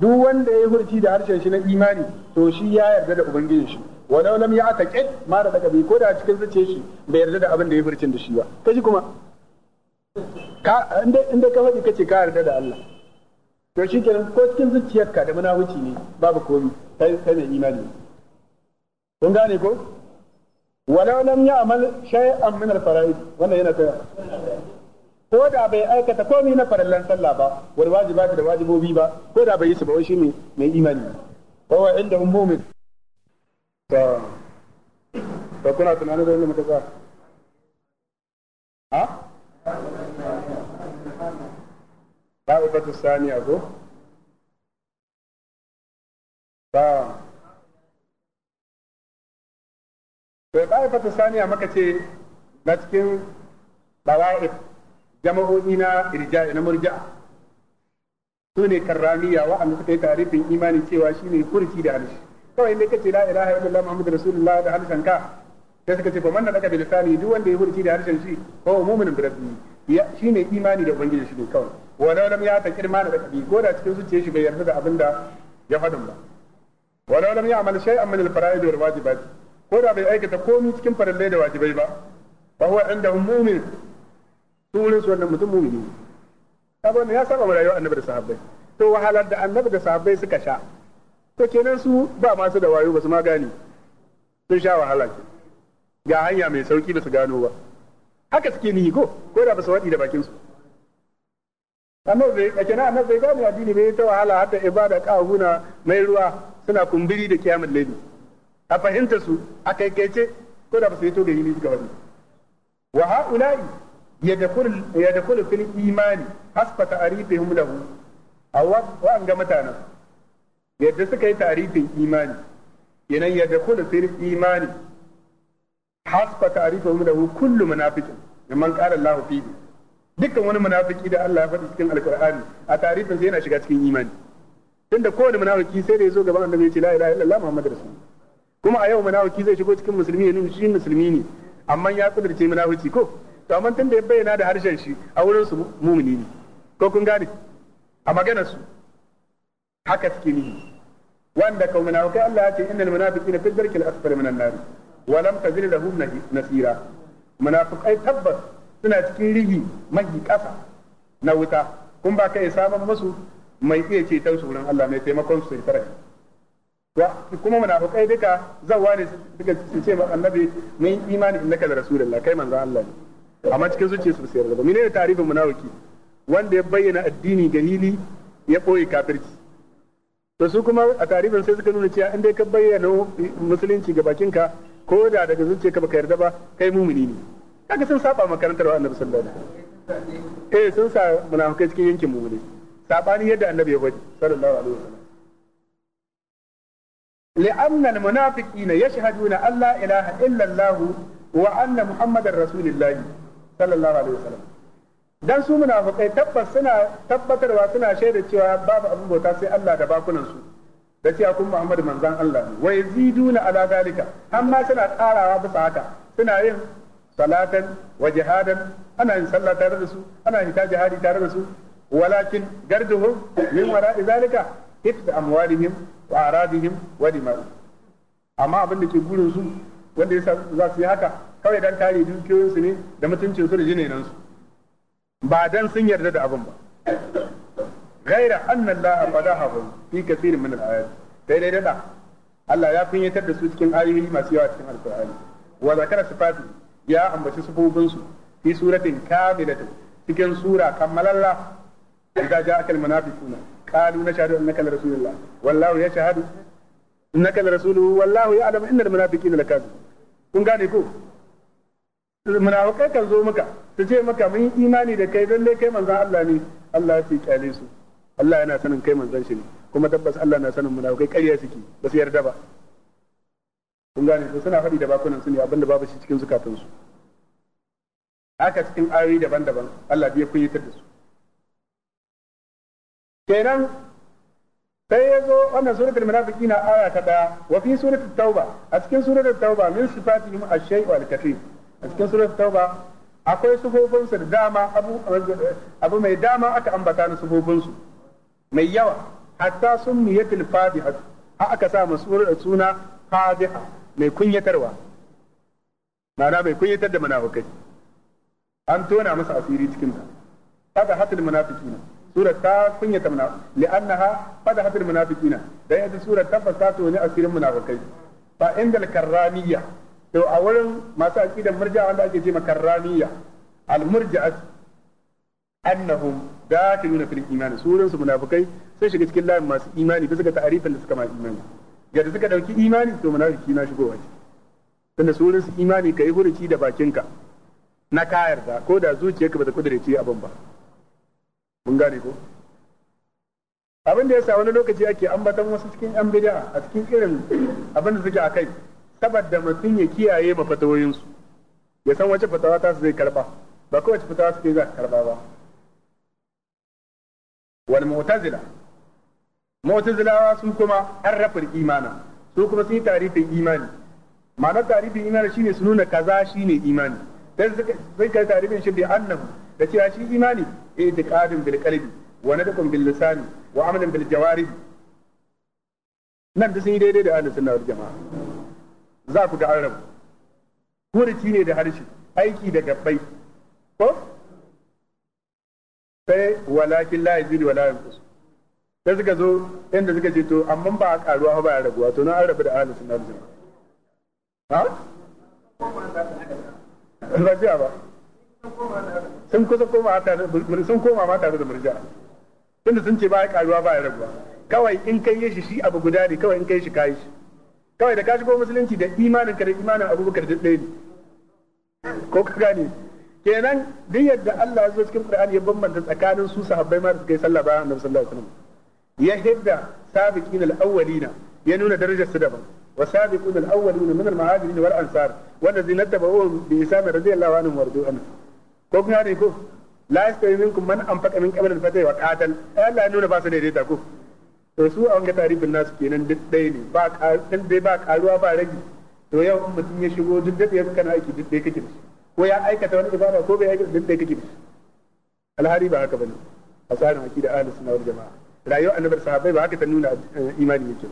duk wanda ya yi hurci da harshen shi na imani to shi ya yarda da ubangijin shi walau lam ya'taqid ma da daga bi ko da cikin zuciyar shi bai yarda da abin da ya hurcin da shi ba kaji kuma inda ka faɗi kace ka yarda da Allah to shi kenan ko cikin zuciyarka da munafuci ne babu komi kai kai mai imani kun gane ko walau lam ya'mal shay'an min al-fara'id wannan yana kai ko da bai aikata komai na farallan sallah ba wal wajibat da wajibobi ba ko da bai yi su ba shi ne mai imani ko wa inda mu'min ta ta kuna tunanin da mutum ka ha ba'ubatu saniya ko ba to ba'ubatu saniya maka ce na cikin bawa'ib jama'o'i na irja na murja. su ne karramiya wa'anda suka yi tarifin imanin cewa shi ne kurci da harshe kawai ne kace la ilaha illallah muhammadu rasulullah da harshen ka sai suka ce fa manna daga bilisani duk wanda ya hurci da harshen shi ko mu'minin bi shi ne imani da ubangiji shi ne kawai walau lam ya ta kirma da kadi ko da cikin zuciyar shi bai yarda da abin da ya faɗin ba walau lam ya amal shay'an min al-fara'id wal wajibat ko da bai aikata komai cikin farallai da wajibai ba fa huwa indahum mu'min su wurin su wannan mutum mu'mini ne saboda ya saba rayuwar annabi da sahabbai to wahalar da annabi da sahabbai suka sha to kenan su ba masu da wayo ba su ma gane sun sha wahala ga hanya mai sauki ba su gano ba haka suke nihi ko ko da ba su waɗi da bakin annabi mace na annabi bai gane addini bai ta wahala hatta ibada kahuna mai ruwa suna kumbiri da kiyamul layli a fahimta su a kaikaice ko da ba su yi to gari ne suka wani wa haula'i yadkhul yadkhul fil imani hasba ta'rifihim lahu awwa wa an ga mutanen yadda suka yi ta'rifin imani yadda kula fil imani hasba ta'rifihim lahu kullu munafiqin man qala Allahu fihi dukkan wani munafiki da Allah ya faɗi cikin alkur'ani a tarihin sai yana shiga cikin imani tunda kowane munafiki sai da ya zo gaban annabi ya ce la ilaha illallah muhammadur rasul kuma a yau munafiki zai shigo cikin musulmi ya nuna shi musulmi ne amma ya kudurce munafici ko to amma tunda ya bayyana da harshen shi a wurin su mumuni ne ko kun gane a maganar su haka suke nihi wanda kau munafikai Allah ya ce innal munafiqina fi dharkil asfali minan nar wa lam tazid lahum nasira munafiqai tabbas suna cikin rigi mahi ƙasa na wuta kun ba kai samun musu mai iya ceton su wurin Allah mai taimakon su tare kuma muna munafikai duka zawwa ne suka ce ma annabi mun imani innaka da rasulullah kai manzo Allah ne amma cikin zuciya su sai da menene muna munafiki wanda ya bayyana addini galili hili ya boye kafirci to su kuma a tarihin sai suka nuna cewa in dai ka bayyana musulunci ga bakinka ko da daga zuciya ka baka yarda ba kai mumuni ne kaga sun saba makarantar annabi sallallahu alaihi wasallam eh sun sa munafikai cikin yankin mu ne sabani yadda annabi ya faɗi sallallahu alaihi wasallam لأن المنافقين munafiqina yashhaduna an la ilaha illa allah wa anna muhammadar rasulullahi sallallahu alaihi wasallam dan su munafikai tabbas suna tabbatarwa suna shaida cewa babu abin bauta sai Allah da bakunan su da cewa kun muhammadu manzan Allah ne wa yaziduna ala zalika amma suna karawa bisa haka suna yin salatan wa jihadan ana yin sallah tare da su ana yin jihadi tare da su walakin garduhum min wara'i zalika hifz amwalihim wa aradihim wa dima'ihim amma abin da ke gurin su wanda yasa za su yi haka kawai dan kare dukiyoyin su ne da mutuncin su da jinainan su ba dan sun yarda da abin ba ghaira anna allaha qadahu fi kathirin min al-ayat dai dada Allah ya kunyatar da su cikin ayoyi masu yawa cikin alkur'ani wa zakara sifati ya ambaci sufofinsu fi suratin kamilatin cikin sura kammalalla idza ja'aka almunafiquna qalu nashhadu annaka rasulullah wallahu yashhadu innaka rasuluhu wallahu ya'lamu innal munafiqina lakazibun kun gane ko munafikai kan zo maka su ce maka mun imani da kai lalle kai manzon Allah ne Allah ya ce kyale su Allah yana sanin kai manzon shi ne kuma tabbas Allah na sanin munafikai ƙarya suke ba su yarda ba kun gane ko suna faɗi da bakunan su ne abinda babu shi cikin su haka cikin ayoyi daban-daban Allah bai kuyitar da su kenan sai ya zo wannan suratul munafiqin aya ta daya wa fi suratul tauba a cikin suratul tauba min sifatihim ash-shay'u al-kathir a cikin suratul tauba akwai su da dama abu abu mai dama aka ambata na su mai yawa hatta sun miyatul fadiha aka sa suna fadiha mai kunyatarwa ma'ana mai kunyatar da munafukai an tona musu asiri cikin ta fada hatul munafiqina sura ta kunyata munafiqai li'annaha fada hatul munafiqina dan yadda sura ta fasata ne asirin munafukai fa indal karramiyya to a wurin masu aqidar murja wanda ake ce makarramiyya al murja'at annahum dakhiluna fil iman surun su munafikai sai shiga cikin layin masu imani bisa ga ta'arifin da suka ma imani yadda suka dauki imani to munafiki na shigo wani tunda su wurin su imani kai hurici da bakinka na kayar da ko da zuciyarka bata ce abin ba mun gane ko abin da yasa wani lokaci ake ambatan wasu cikin yan bid'a a cikin irin abin da suke kai saboda mutum ya kiyaye mafatawoyinsu ya san wace fatawa ta su zai karba ba kowace fatawa su zai karba ba wal mu'tazila mu'tazilawa su kuma harrafin imana su kuma sun yi tarifin imani ma'anar tarifin imani shine su nuna kaza shine imani suka sai kai tarifin shi bi annahu da cewa shi imani i'tiqadun bil qalbi wa nadqun bil lisani wa amalan bil jawarih nan da sun yi daidai da ahlus sunna wal jama'a za ku ga arab shi ne da harshe aiki da gabbai ko sai walakin la yajidu wala yanqus da suka zo inda suka ce to amma ba a karuwa ba ya raguwa to na an rabu da ahlus sunna wal ha rajiya ba sun kusa koma sun koma ma tare da murja tunda sun ce ba ya karuwa ba ya raguwa kawai in kai yashi shi shi abu guda ne kawai in kai shi kai shi kawai da ka shigo musulunci da imanin ka da imanin abubakar duk ɗaya ne ko ka gane kenan duk yadda Allah ya zo cikin Qur'ani ya bambanta tsakanin su sahabbai ma da suka yi sallah bayan Annabi sallallahu alaihi wasallam ya hidda sabiqin al ya nuna darajar da daban wa sabiqun al-awwalina min al-muhajirin wal ansar wanda zinatabawum bi isami radiyallahu anhu wardu anhu ko kun ne ko la yastawi minkum man anfaqa da qabl al-fatah wa qatal eh, Allah ya nuna ba su ko to su a nasu kenan duk ɗaya ne ba ba yau in mutum ya shigo duk da yake kana aiki duk ko ya aikata wani ibada ko bai aikata duk da kake da alhari ba haka bane a tsarin aiki da sunna wal jamaa rayuwar annabar sahabbai ba haka ta nuna eh, imani yake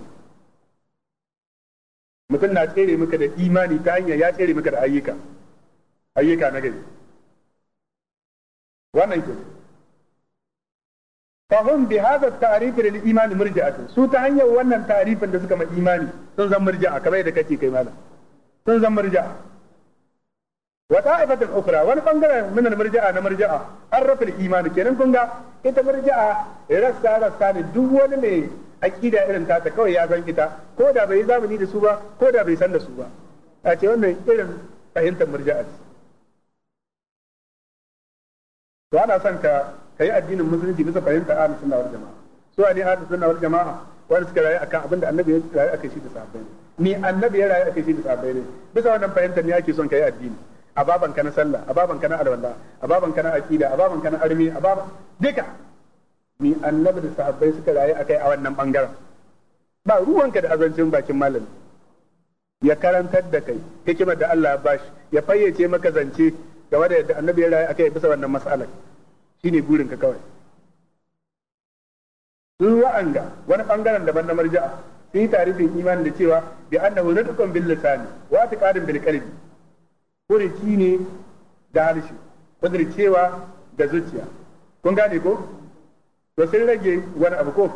mutum na tsere maka da imani ta hanyar ya tsere maka da ayyuka ayyuka na gari wannan ke fahim bi hadha da imani murji a su ta hanyar wannan ta'rifin da suka ma imani sun zan a kamar yadda kake kai malam sun zan murji'a wa ta'ifatul ukhra wani bangaren min al marji'a na marji'a arrafil imani kenan kun ita marji'a rasta rasta ne duk wani mai aqida irin ta kawai ya san ita ko da bai zamani da su ba ko da bai san da su ba a ce wannan irin fahimtar marji'a to ana son ka kai addinin musulunci bisa fahimtar ahlus sunna wal jama'a su ne ahlus sunna wal jama'a wanda suka rayu akan abinda annabi ya rayu akai shi da sahabbai ne ni annabi ya rayu akai shi da sahabbai ne bisa wannan fahimtar ne ake son kai addini a baban ka na sallah a baban ka na alwala a baban ka na aqida a baban ka na armi a baban duka ni annabi da sahabbai suka rayu akai a wannan bangaren ba ruwanka da azancin bakin malami ya karantar da kai hikimar da Allah ya bashi ya fayyace maka zance ga da yadda annabi ya rayu akai bisa wannan mas'alar shine burin ka kawai sun wa'anga wani bangaren daban na marja'a sun yi tarihin imani da cewa bi annahu nutqun bil lisani wa taqadun bil qalbi furici ne da harshe kudircewa da zuciya kun gane ko to sai rage wani abu ko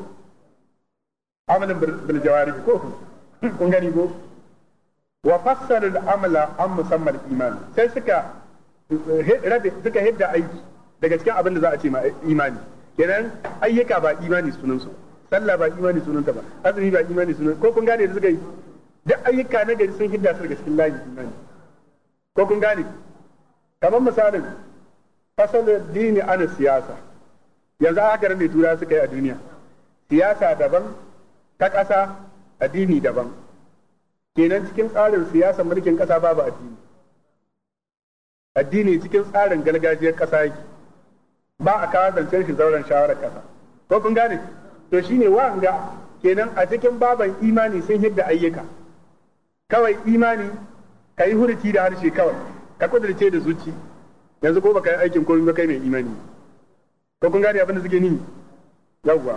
amalin biljawari ko kun gani ko wa fassara al-amala an musamman imani sai suka eh, rabe suka hidda aiki daga cikin abin da za a ce ma eh, imani kenan ayyuka ba imani sunan su sallah ba imani sunan ta ba azumi ba imani sunan ko kun gane da suka yi duk ayyuka na gari sun hidda su daga cikin layin imani ko kun gane kamar misalin fasalin dini ana siyasa yanzu haka ne tura suka yi a duniya siyasa daban ta ƙasa addini daban kenan cikin tsarin siyasa mulkin ƙasa babu addini addini cikin tsarin gargajiyar ƙasa yake ba a kawo zancen shi zauren shawarar ƙasa ko kun gane to shine wa'anga kenan a cikin baban imani sun hidda ayyuka kawai imani ka yi hurufi da harshe kawai ka kudurce da zuci yanzu ko baka yi aikin komai ba kai mai imani ko kun gane abin da suke ni yawwa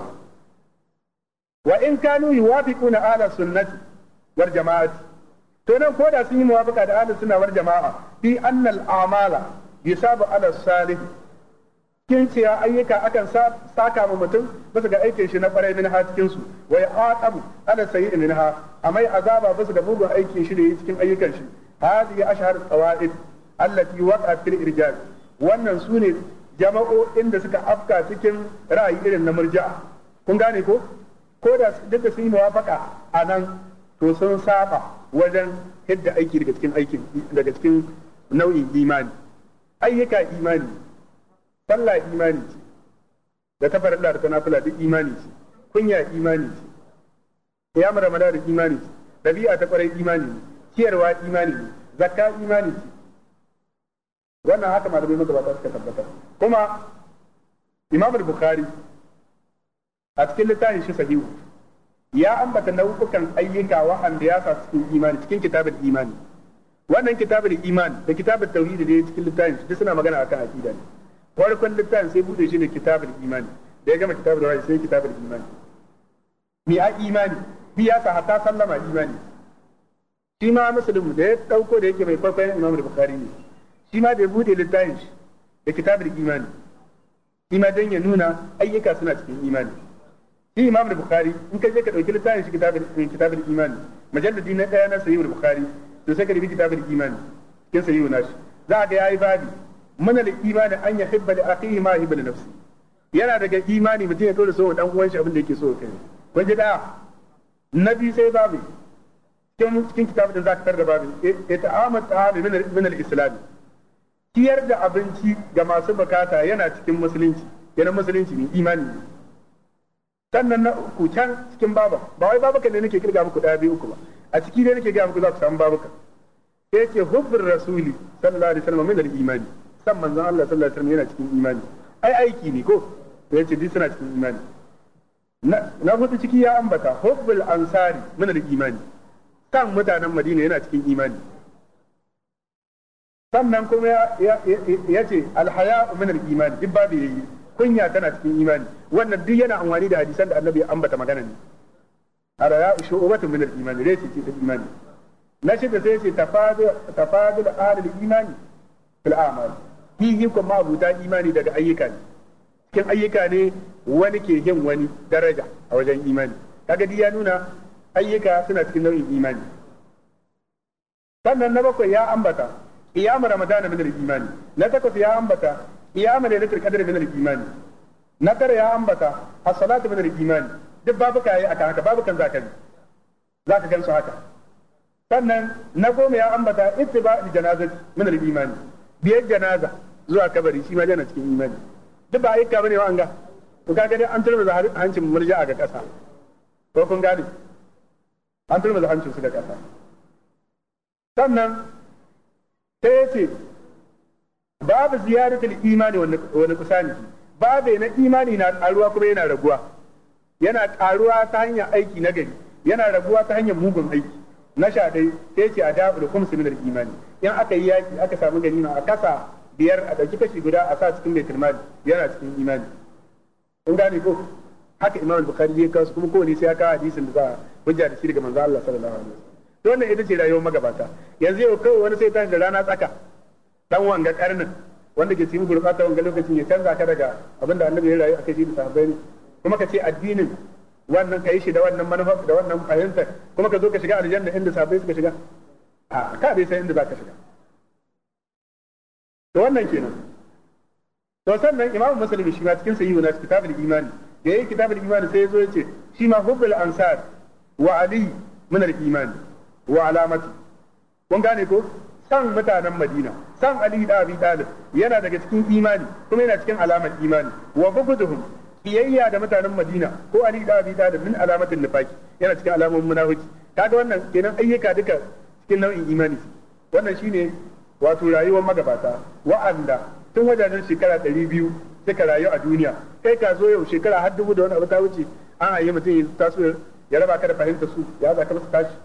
wa in kanu yuwafiquna ala sunnati war jama'ati to nan ko da sun yi muwafaqa da ala sunna war jama'a fi annal a'mala yusabu ala salih kin ayyuka akan saka ma mutum bisa ga aikin shi na kwarai min ha cikin su wa ya'aqabu ala sayyi'in minha amai azaba bisa ga bugun aikin shi da yi cikin ayyukan shi هذه أشهر القواعد التي وقعت في الإرجاء wannan su ne jama'o'in da suka afka cikin ra'ayi irin na murja'a kun gane ko ko da duka sun a nan to sun saba wajen hidda aiki daga cikin nau'in imani ayyuka da kafar Allah da duk imani kunya imani ce qiyam imani ce dabi'a ta kwarai imani ciyarwa imani ne zakka imani ce wannan haka malamai magabata suka tabbatar kuma imam bukhari a cikin littafin shi sahihu ya ambata nau'ukan ayyuka wa'anda ya sa cikin imani cikin kitabul imani wannan kitabul imani da kitabul tauhid da cikin littafin shi suna magana akan aqida ne farkon littafin sai bude shi ne kitabul imani da ya gama kitabul wahyi sai kitabul imani mi a imani bi ya sa hatta sallama imani shi ma muslim da ya dauko da yake mai farkon imam bukhari ne shi ma da ya bude littafin shi da kitabul imani shi ma dan ya nuna ayyuka suna cikin imani shi imam bukhari in ka je ka dauki littafin shi kitabul eh, kitabul imani majalladi na daya na sahih bukhari to sai ka rubi kitabul imani cikin sahih nashi za ga yayi babi mana da imani an ya hibba da akhihi ma hibba da nafsi yana daga imani mutum ya dole so dan uwan shi abin da yake so kai kun ji da nabi sai babu can cikin kitabun da zaka ta babin ta eh, eh, ta'ami min al islami ciyar da abinci ga masu bukata yana cikin musulunci yana musulunci ne imani ne sannan na uku can cikin baba ba wai babuka ne nake kirga muku daya biyu uku ba a ciki ne nake ga muku za ku samu babuka sai ce hubbur rasuli sallallahu alaihi wasallam min al-imani san manzon Allah sallallahu alaihi wasallam yana cikin imani ai aiki ne ko sai ce duk suna cikin imani na hudu ciki ya ambata hubbul ansari min al-imani kan mutanen madina yana cikin imani sannan kuma ya ce alhaya minar imani duk babu yayi kunya tana cikin imani wannan duk yana amfani da hadisan da annabi ya ambata magana ne araya shu'ubatu minar imani Reshe ce ta imani na shi da sai ce tafadul ahlul imani fil a'mal hihi kuma abuta imani daga ayyuka ne cikin ayyuka ne wani ke yin wani daraja a wajen imani kaga ya nuna ayyuka suna cikin nau'in imani sannan na bakwai ya ambata qiyam ramadana minar imani na takwas ya ambata qiyam lailatul qadr kadar minar imani na tara ya ambata as minar imani duk babu yi akan haka babu kan za ka za ka gan su haka sannan na goma ya ambata ittiba ba janazati min minar imani biyar janaza zuwa kabari shi ma yana cikin imani duk ba ayyuka bane wa an ga to kaga dai an turba hancin murja ga kasa ko kun gane an turma hancin su da ƙasa sannan sai ya ce babu ziyaratul imani wani kusa ne babu na imani na ƙaruwa kuma yana raguwa yana ƙaruwa ta hanyar aiki na gari yana raguwa ta hanyar mugun aiki na sha dai sai ce a da kuma min imani in aka yi yaki aka samu gani a kasa biyar a ɗauki kashi guda a sa cikin mai turmani yana cikin imani kun gane ko haka imam bukhari ya kasu kuma kowane sai ya kawo hadisin da za a hujja da shi daga manzo Allah sallallahu alaihi wasallam to wannan ita ce rayuwar magabata yanzu yau kawai wani sai ta da rana tsaka dan wanga karnin wanda ke cikin gurbata wanga lokacin ya canza ka daga abinda annabi ya rayu akai shi da sahabbai ne kuma ka ce addinin wannan kai shi da wannan manufa da wannan fahimtar kuma ka zo ka shiga aljanna inda sahabbai suka shiga a ka bai sai inda zaka shiga to wannan kenan to sannan imamu muslim shi ma cikin sahihu kitabul imani da yayi kitabul imani sai ya zo ya ce shi ma hubbul ansar wa alihi min al iman wa alamati kun gane ko san mutanen Madina san Ali da Abi Talib yana daga cikin imani kuma yana cikin alamar imani wa bughduhum biyayya da mutanen Madina ko Ali da Abi Talib min alamatin nifaki yana cikin alamomin munafiki kaga wannan kenan ayyuka duka cikin nau'in imani wannan shine wato rayuwar magabata wa'anda tun wajajen shekara ɗari biyu suka rayu a duniya kai ka zo yau shekara har dubu da wani abu ta wuce an ayi mutum ya taso ya raba ka da fahimta su ya za ka masa tashi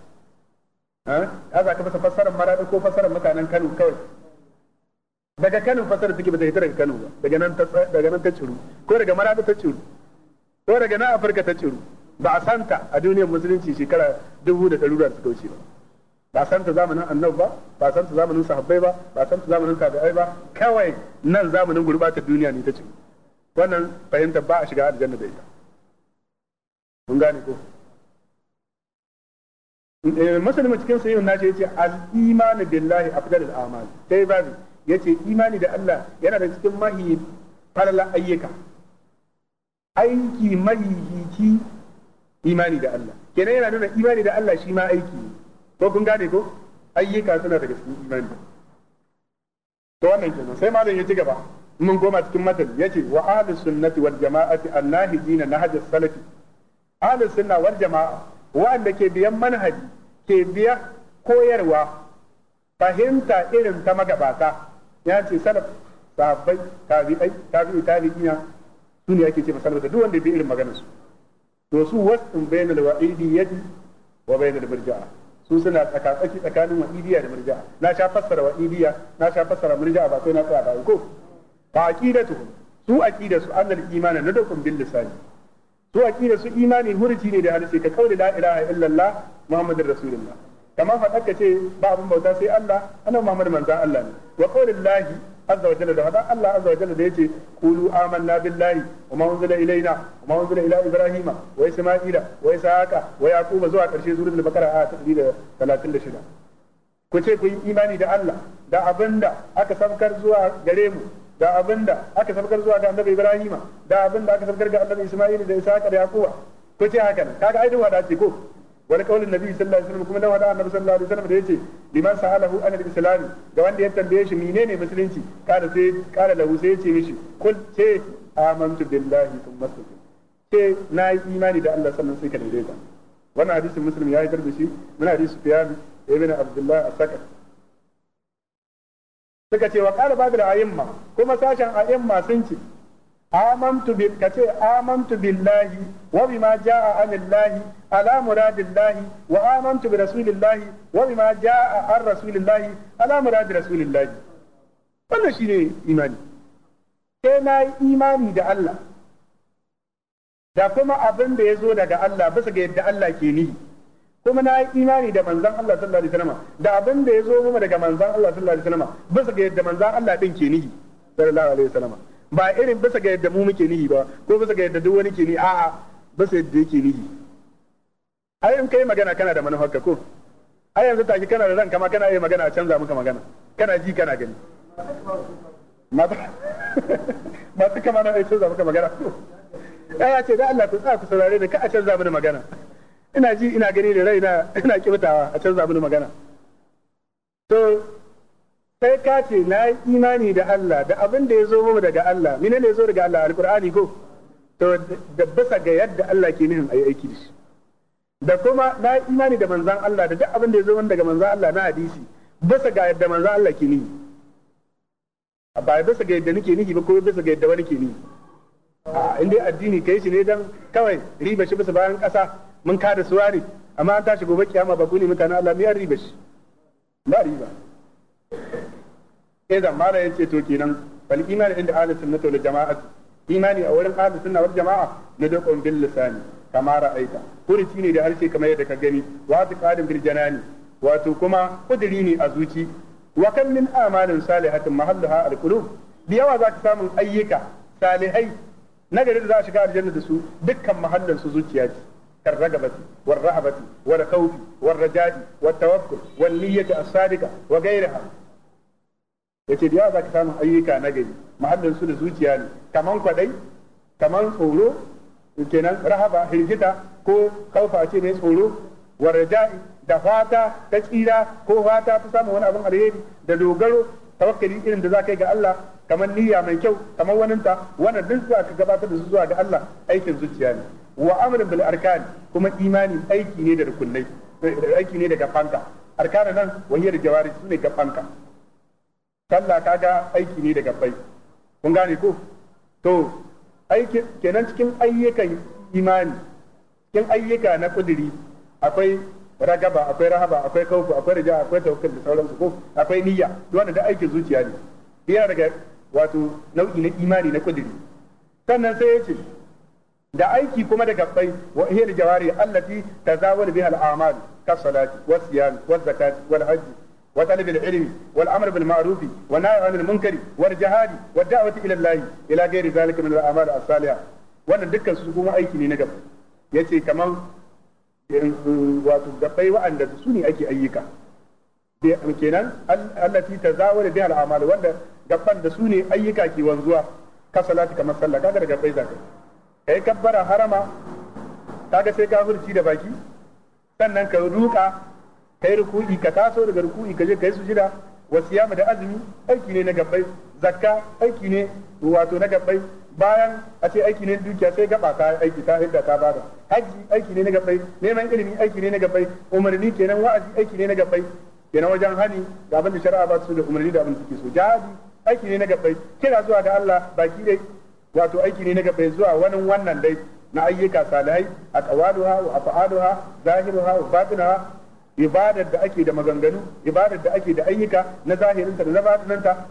ya za ka masa fassarar maradi ko fassarar mutanen Kano kawai daga Kano fassarar take ba ta hita daga Kano ba daga nan ta daga nan ta ciru ko daga maradi ta ciru ko daga nan Afirka ta ciru ba a santa a duniyar musulunci shekara dubu da ɗaruruwa suka wuce ba ba a santa zamanin annab ba ba a santa zamanin sahabbai ba ba a santa zamanin tabi'ai ba kawai nan zamanin gurbatar duniya ne ta ciru wannan fahimtar ba a shiga aljanna da ita mun gane ko Eh, musulmi cikin sayyidun nashi yace al-imanu billahi afdalul a'mal sai babu yace imani da Allah yana da cikin mahi farla ayyuka aiki yiki imani da Allah kenan yana nuna imani da Allah shi ma aiki ko kun gane ko ayyuka suna daga cikin imani to wannan kenan sai malam ya ci gaba mun goma cikin matan yace wa ahli sunnati wal jama'ati annahijina nahj as-salafi ahli sunna wal jama'a wa'anda ke biyan manhaji ke biya koyarwa fahimta irin ta magabata ya ce salaf sahabbai tabi'ai tabi'i tabi'ina su ne ake ce masalaf da duk wanda bi irin maganar su to su da wa'idi yadi wa da murja'a su suna tsakatsaki tsakanin wa'idiya da murja'a na sha fassara wa'idiya na sha fassara murja'a ba sai na tsaya ba ko ba aqidatu su aqidatu annal imana nadakun bil lisani su da su imani hurci ne da harshe ka kauli la ilaha illallah muhammadur rasulullah kama faɗa ka ce ba abin bauta sai Allah annabi muhammad manzan Allah ne wa qaulillahi azza wa jalla da hada Allah azza wa jalla da yace qulu amanna billahi wa ma unzila ilaina wa ma unzila ila ibrahima wa isma'ila wa ishaqa wa yaquba zuwa karshe suratul bakara a 136 ku ce ku yi imani da Allah da abinda aka samkar zuwa gare mu da abinda aka sabgar zuwa ga annabi Ibrahima da abinda aka sabgar ga annabi Isma'il da Isaka da Yaquba ko ce haka kaga aidin wada ce ko wani kaulin nabi sallallahu alaihi wasallam kuma da wada annabi sallallahu alaihi wasallam da yace liman sa'alahu an al-islam ga wanda ya tambaye shi menene musulunci kada sai kada lahu sai ya ce mishi kul ce amantu billahi thumma ce na yi imani da Allah sannan sai ka daidaita wannan hadisin muslim ya yi tarbishi muna hadisi Sufyan ibn Abdullah as-Sakar suka ce wa qala babil a'imma kuma sashen a'imma sun ce amantu bi kace amantu billahi wa bima jaa anillahi ala muradillahi wa amantu bi rasulillahi wa bima jaa ar rasulillahi ala muradi rasulillahi wannan shine imani sai na yi imani da Allah da kuma abin da ya zo daga Allah bisa ga yadda Allah ke ni. kuma na yi imani da manzan Allah sallallahu alaihi wasallam da abin da ya zo mu daga manzan Allah sallallahu alaihi wasallam bisa ga yadda manzan Allah din ke nihi sallallahu alaihi wasallam ba irin bisa ga yadda mu muke nihi ba ko bisa ga yadda duk wani ke nihi a'a bisa yadda yake nihi ai in kai magana kana da ka ko ai yanzu taki kana da ran kama kana yi magana a canza muka magana kana ji kana gani masu kama na yi canza muka magana ai ya ce da Allah ku tsaya ku saurare ni ka a canza mini magana ina ji ina gani da raina ina kibtawa a canza mini magana to sai ka ce na imani da Allah da abin da ya zo mu daga Allah mine ne zo daga Allah alqur'ani ko to da bisa ga yadda Allah ke nihin ayi aiki da shi da kuma na imani da manzan Allah da duk abin da ya zo daga manzan Allah na hadisi bisa ga yadda manzan Allah ke nihi ba bisa ga yadda nake nihi ba ko bisa ga yadda wani ke nihi in dai addini kai shi ne dan kawai riba shi bisa bayan ƙasa mun kada su ne amma an tashi gobe kiyama ba ne mutane Allah me riba shi ba riba sai zamara yace to kenan bal imani inda ahli sunnati wal jama'a imani a wurin ahli sunna wal jama'a na dokon bil lisani kama ra'aita furuci ne da harshe kamar yadda ka gani wa taqadim bil janani wato kuma kudiri ne a zuci wa kan min amalin salihatin mahalluha al qulub da yawa zaka samun ayyuka salihai nagari da za a shiga aljanna da su dukkan mahallin su zuciya ce كالرغبة والرعبة والخوف والرجاء والتوكل والنية الصادقة وغيرها yace da za ka samu ayyuka na gari mahallin su da zuciya ne kaman kwadai kaman tsoro kenan rahaba hirgita ko kaufa ce ne tsoro warja'i da fata ta tsira ko fata ta samu wani abin alheri da dogaro tawakkali irin da za ka yi ga Allah kamar niyya mai kyau kamar waninta wannan duk za ka gabatar da su zuwa ga Allah aikin zuciya ne wa amrin bil arkan kuma imani aiki ne da rukunai aiki ne daga fanka arkan nan wahiyar jawari su ne fanka. sallah kaga aiki ne daga bai kun gane ko to aiki kenan cikin ayyukan imani cikin ayyuka na kudiri akwai ragaba akwai rahaba akwai kaufu akwai rija akwai tawakkul da sauransu ko akwai niyya duk wannan da aikin zuciya ne yana daga wato nau'i na imani na kudiri sannan sai ya ce da aiki kuma da gabbai wa hiya al-jawari allati tazawalu biha al-a'mal kas-salati was-siyam waz-zakati wal-hajj وطلب العلم والامر بالمعروف والنهي عن المنكر والجهاد والدعوه الى الله الى غير ذلك من الاعمال الصالحه wannan dukkan su kuma aiki ne na gaba yace kamar wato gabai wa'anda su ne ake ayyuka kenan allati tazawara biha da amal wanda gaban da su ne ayyuka ke wanzuwa ka salati kamar sallah kaga da gabai zaka kai kabbara harama kaga sai ka furci da baki sannan ka ruka kai ruku'i ka taso daga ruku'i ka je kai sujida wasiyama da azumi aiki ne na gabai zakka aiki ne wato na gabai bayan a ce aiki ne dukiya sai gaba ka aiki ta hidda ta bada haji aiki ne na gabai neman ilimi aiki ne na gabai umarni kenan wa'azi aiki ne na gabai kenan wajen hani ga abin da shari'a ba su da umarni da abin da suke so jihadi aiki ne na gabai kira zuwa ga Allah baki dai wato aiki ne na gabai zuwa wani wannan dai na ayyuka salihai a kawaluha wa afa'aluha zahiruha wa batinaha ibadar da ake da maganganu ibadar da ake da ayyuka na zahirinta da na batinanta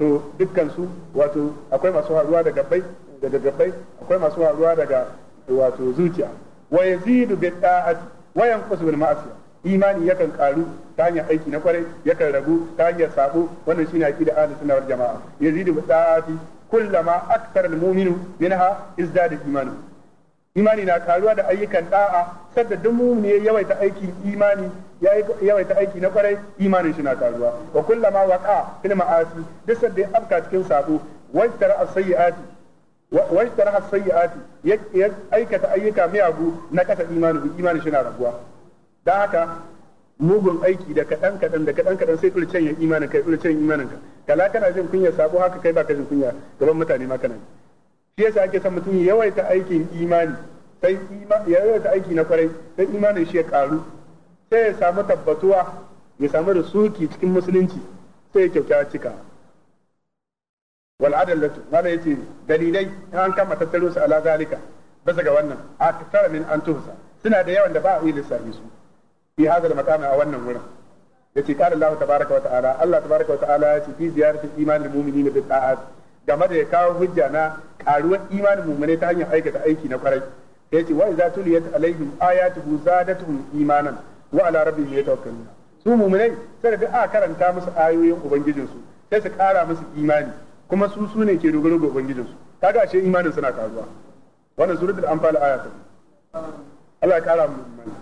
to dukkan su wato akwai masu haruwa daga gabbai daga gabbai akwai masu haruwa daga wato zuciya wa yazidu bi ta'ati wa yanqusu bil ma'asiya imani yakan karu ta hanyar aiki na kwarai yakan ragu ta hanyar sabo wannan shine aqida ahli sunna wal jamaa yazidu bi ta'ati kullama akthara al mu'minu minha izdada imanu imani na karuwa da ayyukan da'a sadda dumu ne ya yawaita aikin imani ya yawaita aiki na kwarai imanin shi na karuwa wa kullama waqa fil ma'asi duk sanda ya afka cikin sabo wajtara as-sayyi'ati wajtara as-sayyi'ati ya aikata ayyuka miyagu na kasa imanin imanin shi na raguwa dan haka mugun aiki da kadan kaɗan da kadan kaɗan sai kulcen ya imanin kai kulcen imanin ka kala kana jin kunya sabo haka kai ba ka jin kunya gaban mutane ma kana shi yasa ake son mutum ya yawaita aikin imani sai ya yawaita aiki na kwarai sai imanin shi ya karu. sai ya samu tabbatuwa ya samu da rusuki cikin musulunci sai ya kyauta cika da su mala yace dalilai an kama tattaro su ala zalika bisa ga wannan a tattara min an tuhusa suna da yawan da ba a yi lissafi su fi hada a wannan wurin ce qala Allah tabaraka wa ta'ala Allah tabaraka wa ta'ala ya ce fi ziyarati imanin mu'mini na ta'at game da ya kawo hujja na karuwar imanin mu'mini ta hanyar aikata aiki na kwarai Ya yace wa idza tuliyat alaihim ayatuhu zadatuhum imanan wa ala mai yatawakkalun su mu'minai sai da a karanta musu ayoyin ubangijinsu sai su kara musu imani kuma su su ne ke dogaro ga su kaga ashe imanin suna karuwa wannan suratul anfal aya ta Allah ya kara mu imani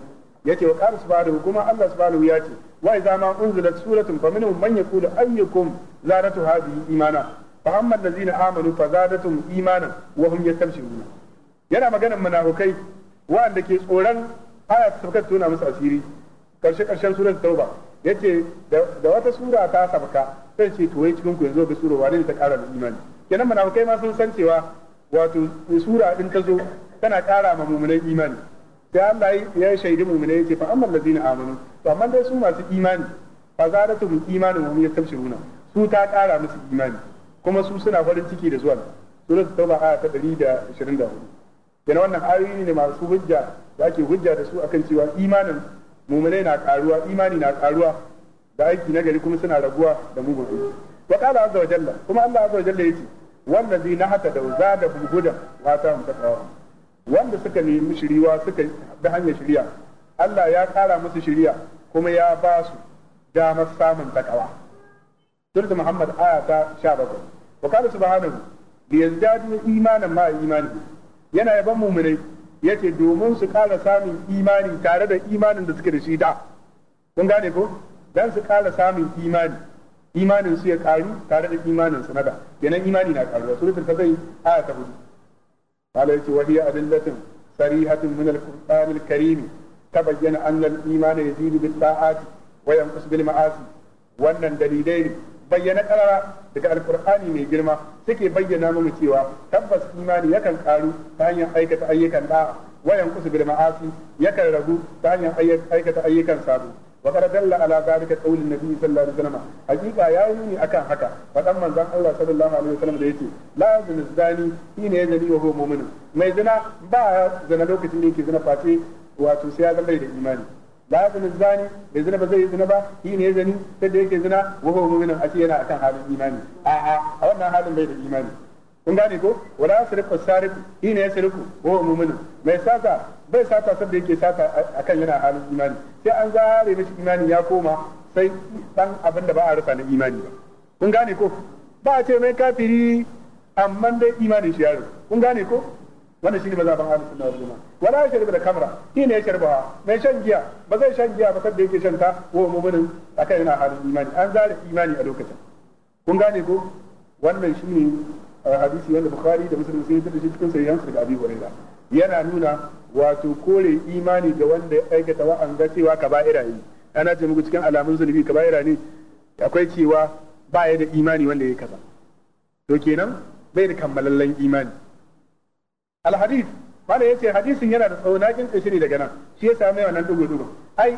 yace wa qala subhanahu kuma Allah subhanahu ya ce wa idza ma unzilat suratun faminhum man yaqulu ayyukum zaratu hadhihi imana fa amma allazina amanu fa zadatuhum imana wa hum yastabshiruna yana maganar munafikai wa'anda ke tsoron aya ta tuna musu asiri karshe karshen surar tauba ce da wata sura ta sabka sai ce to wai cikin ku yanzu ga sura wani ta ƙara imani kenan munafikai ma sun san cewa wato sura din ta zo tana ƙara ma mu'minan imani sai Allah ya shaidi mu'minai ce fa amman ladina amanu to amma dai su masu imani fa zadatuhum imani wa hum yastabshiruna su ta ƙara musu imani kuma su suna farin ciki da zuwa sura tauba aya ta 124 kenan wannan ayoyi ne masu hujja da ake hujja da su akan cewa imanin mu'minai na karuwa imani na karuwa da aiki na gari kuma suna raguwa da mugun aiki wa qala azza wa jalla kuma Allah azza wa jalla yace wallazi na hata da zada hudan wa ta mu wanda suka nemi shiriwa suka da hanyar shiriya Allah ya kara musu shiriya kuma ya ba su damar samun takawa surat muhammad aya ta 17 wa qala subhanahu yazdadu imanan ma imani yana yaban mu'minai ya ce domin su kala samun imani tare da imanin da suke da shi da kun gane ko dan su kara samun imani imanin su ya karu tare da imanin su na da imani na karuwa suratul zai aya ta hudu qala yati wa hiya Latin tsari min munar quran al ta bayyana anna al-iman yazidu bit ta'ati wa yanqus ma'asi wannan dalilai ne bayyana karara daga alkur'ani mai girma take bayyana mana cewa tabbas imani yakan karu ta hanyar aikata ayyukan da'a wayan kusu bil ma'asi yakan ragu ta hanyar aikata ayyukan sabu wa qad dalla ala zalika qawl an sallallahu alaihi wasallam ya nuni akan haka fadan manzon Allah sallallahu alaihi wasallam da yake la zina zani shine ya zani wa huwa mu'min mai zina ba zina lokacin da yake zina face wato sai ya zama da imani la zina zani bai zina ba zai yi zina ba shi ne zani sai da yake zina wa huwa mu'minun ashe yana akan halin imani a a a wannan halin bai da imani kun gane ko wala yasriqu sariqu shi ne yasriqu wa huwa mu'minun mai sata bai sata sai da yake sata akan yana halin imani sai an zare mishi imani ya koma sai dan abin da ba a rasa na imani ba kun gane ko ba a ce mai kafiri amma dai imanin shi ya rufe kun gane ko wannan shine mazhaban ahlus sunna wal jamaa wala yashrabu da kamra ne ya sharba mai shan giya ba zai shan giya ba kada yake shan ta wa mu'minin akan yana halin imani an zare imani a lokacin kun gane ko wannan shine uh, hadisi wanda bukhari da muslim sai da shi cikin sahihan daga abi hurairah yana nuna wato kore imani ga wanda ya aikata wa'an ga cewa kaba'ira ne ana ce muku cikin alamun zunubi kaba'ira ne akwai cewa ba ya da imani wanda ya kaza to kenan bai da kammalallen imani alhadis mana yace hadisin yana da tsaunakin kashiri daga nan shi ya same wannan dugu dugu ai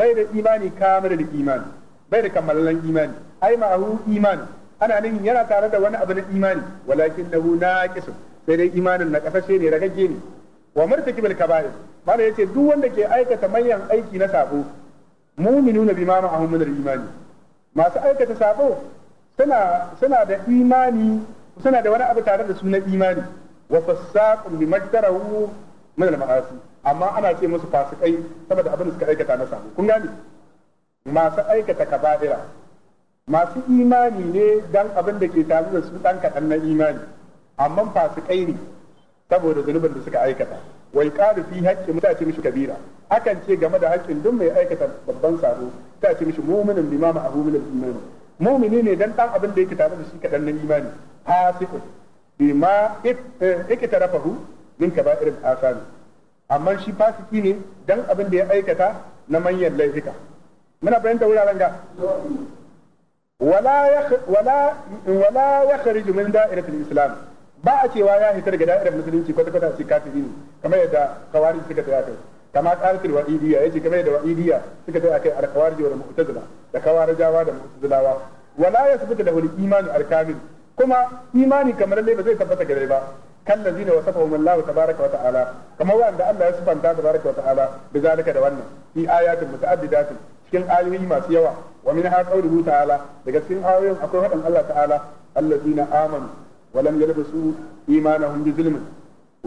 bai da imani kamar da imani bai da kammalan imani ai ma'ahu imani ana nan yana tare da wani abu na imani walakin lahu naqisun sai dai imanin na kasashe ne daga ne wa murtakibul kaba'ir mana yace duk wanda ke aikata manyan aiki na sabo mu'minuna bima ma'ahum min al-imani masu aikata sabo suna suna da imani suna da wani abu tare da su na imani wa fasaqun limajdarahu min al-ma'asi amma ana ce musu fasikai saboda abin da suka aikata na samu kun gane masu aikata kaba'ira masu imani ne dan abin da ke tare da su dan kaɗan na imani amma fasikai ne saboda zunubin da suka aikata wai ƙaru fi haƙƙi mu ce mishi kabira akan ce game da haƙƙin duk mai aikata babban sabo ta ce mishi mu'minin bima ma'ahu min al-iman mu'mini ne dan dan abin da yake tare da shi kaɗan na imani fasiqun bima eh, rafahu min ka kaba'ir al-asami amma shi fasiki ne dan abin da ya aikata na manyan laifuka muna da wuraren ga wala wala wala ya yakhrij min da'iratil islam ba a cewa ya hita daga da'irar musulunci kwata kwata shi kafiri ne kamar yadda kawari suka tsaya kai kama qalatul wa'idiyya yace kamar yadda wa'idiyya suka tsaya kai al-khawarij wa mu'tazila da kawarijawa da mu'tazilawa wala yasbutu lahu da iman al-kamil kuma imani kamar lalle ba zai tabbata gare ba kallazina wasafahum Allah tabaraka wa ta'ala kamar wanda Allah ya sifanta tabaraka wa ta'ala da zalika da wannan fi ayatin mutaaddidatin cikin ayoyi masu yawa wa min ha qawluhu ta'ala daga cikin ayoyin akwai hadan Allah ta'ala allazina amanu wa lam yalbisu imanahum bi zulmin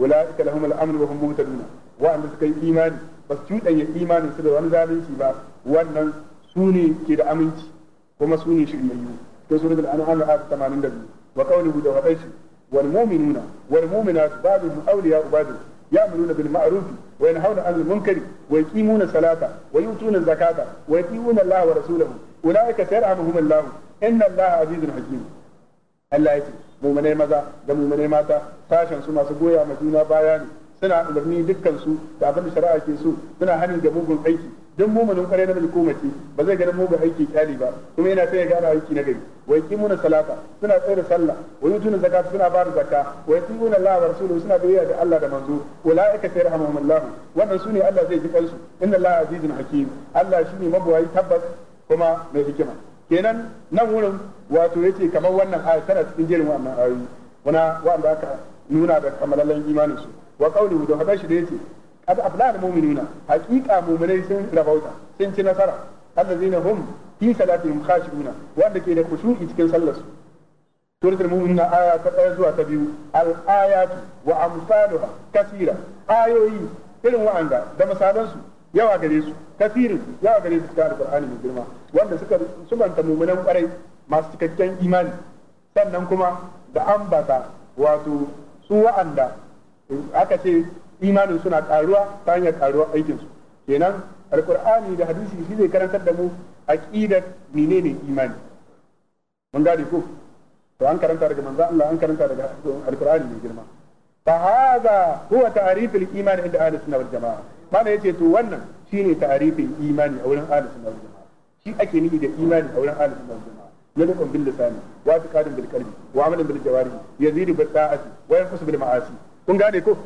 ulaika lahum al-amn wa hum muhtadun wa'anda suka yi imani ba su cuɗanya imanin su da wani zalunci ba wannan su ne ke da aminci kuma su ne shiryayyu to suratul an'am 82 wa qawluhu da wadai shi wal mu'minuna wal mu'minatu ba'dhum awliya'u ba'd يأمرون بالمعروف وينهون عن المنكر ويقيمون الصلاة ويؤتون الزكاة ويطيعون الله ورسوله أولئك سيرحمهم الله إن الله عزيز حكيم Allah ya ce muminai maza da muminai mata sashen su masu goya ma juna baya ne suna umarni dukkan su da abin da shari'a ke so suna hani da mugun aiki dan mu'minin kwarai na koma mace ba zai ga mugun aiki kyali ba kuma yana sai ya aiki na gari wa yuqimuna salata suna tsaya da sallah wa yutuna zakata suna ba da zakka wa yuti'una Allah wa rasuluhu suna biyayya da Allah da manzo ulaika sayarhamuhumullah wannan sune Allah zai ji kansu inna Allah azizun hakim Allah shine mabuwayi tabbas kuma mai hikima kenan nan wurin wato yace kamar wannan ayat tana cikin jerin wannan ayoyi wana wanda aka nuna da kamalallen imanin su wa qawluhu da hadashi da yace kada aflal mu'minuna haqiqa mu'minai sun rabauta sun ci nasara allazina hum fi salatihim khashi'una wanda ke da khushu'i cikin sallar su suratul mu'minuna aya ta ɗaya zuwa ta biyu al ayatu wa amsaluha kasira ayoyi irin wa'anda da misalan su yawa gare su kasirin yawa gare su cikin alqur'ani mai girma wanda suka subanta mu'minan kwarai masu cikakken imani sannan kuma da ambata wato su wa'anda aka ce imanin suna karuwa ta hanyar karuwa aikin su kenan alqur'ani da hadisi shi zai karantar da mu aqidar menene imani mun gane ko to an karanta daga manzo Allah an karanta daga alqur'ani mai girma fa hadha huwa ta'rif al-iman inda ahli sunna wal jamaa mana yace to wannan shine ta'rifin imani a wurin ahli sunna wal jamaa shi ake nufi da imani a wurin ahli sunna wal jamaa amalan bil jawari yazidu bil بالجوارح wa بالطاعة bil ma'asi kun gane ko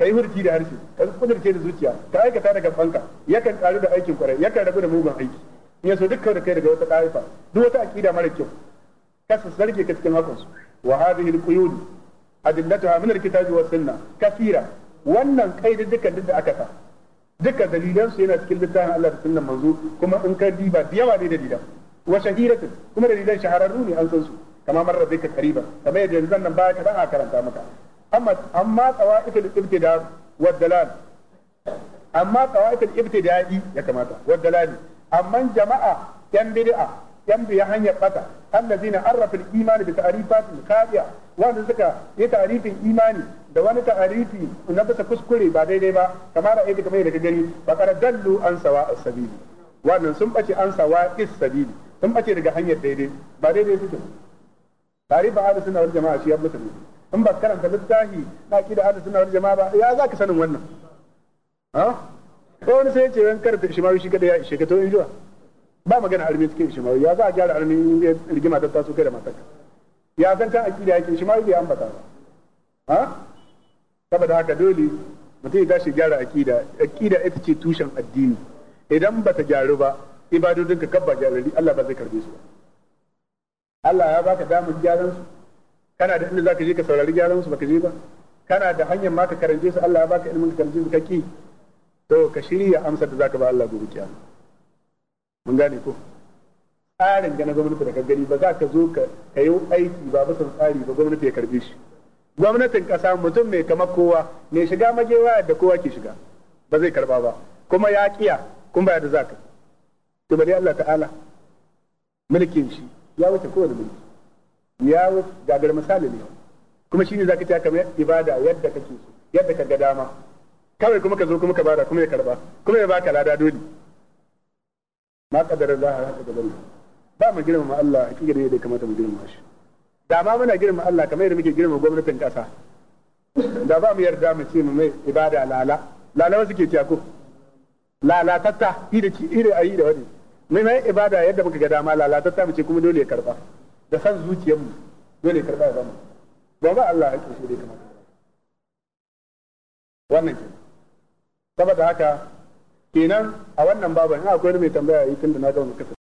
Ka yi hurci da harshe ka kudurce da zuciya ka aikata da gabanka yakan karu da aikin kwarai yakan rabu da mugun aiki in yaso dukkan da kai daga wata ɗaifa duk wata aqida mara kyau kasu sarke ka cikin hakan su wa hadhihi alquyud adillatuha min alkitabi was sunna kathira wannan kaidi dukkan duk da aka sa dukkan dalilan su yana cikin littafin Allah da sunnan manzo kuma in ka diba da yawa ne dalilan wa shahiratu kuma dalilan shahararru ne an san su kama marra bika kariba kamar yadda yanzu nan baya ka dan karanta maka amma tsawa'ikul ibtida wa dalal amma tsawa'ikul ibtida'i ya kamata wa dalal amma jama'a yan bid'a yan biya hanyar bata allazina arrafa al imani da ta'rifatin khati'a wanda suka yi ta'arifin imani da wani ta'rifi na bisa kuskure ba daidai ba kamar da aiki kamar da gani ba kar dallu an sawa as-sabili wannan sun ɓace an sawa is-sabili sun ɓace daga hanyar daidai ba daidai suke tare ba ahlus sunna wani jama'a shi ya musulmi in ba karanta littafi na kida da sunna wani jama'a ba ya zaka sanin wannan ha ko wani sai ya ce wani karanta ma shi kada ya ishe ka to in jiwa ba magana armi shi ma ya za a gyara armi in rigima ta taso kai da matarka ya san can akida yake ma bai ambata ba ha saboda haka dole mutum ya tashi gyara akida akida ita ce tushen addini idan ba ta gyaru ba ibadodinka kabba gyarari Allah ba zai karbe su ba Allah ya baka damar gyaran su kana da inda zaka je ka saurari gyaran su baka je ba kana da hanyar ma ka karance su Allah ya baka ilimin ka karance su ka to ka shirya amsar da zaka ba Allah gobe kiyama mun gane ko tsarin ga na gwamnati da ka gani ba za ka zo ka yi aiki ba bisa tsari ba gwamnati ya karbe shi gwamnatin kasa mutum mai kama kowa mai shiga majewa da kowa ke shiga ba zai karba ba kuma ya kiya kun ba da zaka to bari Allah ta'ala mulkin shi ya wuce kowane mulki ya gagar misali ne kuma shine zaka ta kamar ibada yadda kake so yadda ka ga dama kawai kuma ka zo kuma ka bada kuma ya karba kuma ya baka lada dole ma za Allah haka da bari ba mu girmama Allah hakika ne da kamata mu girmama shi da ma muna girmama Allah kamar yadda muke girmama gwamnatin kasa da ba mu yarda mu ce mu mai ibada lala lala wasu ke tiyako lalatatta ida ci ayi da wani mai mai ibada yadda muka ga dama lalatatta mu ce kuma dole ya karba da san zuciyarmu dole karɓa ya zama ba ba Allah hakkin shi dai kamata wannan ke saboda haka kenan a wannan babu in akwai mai tambaya yi tun da na gama kasa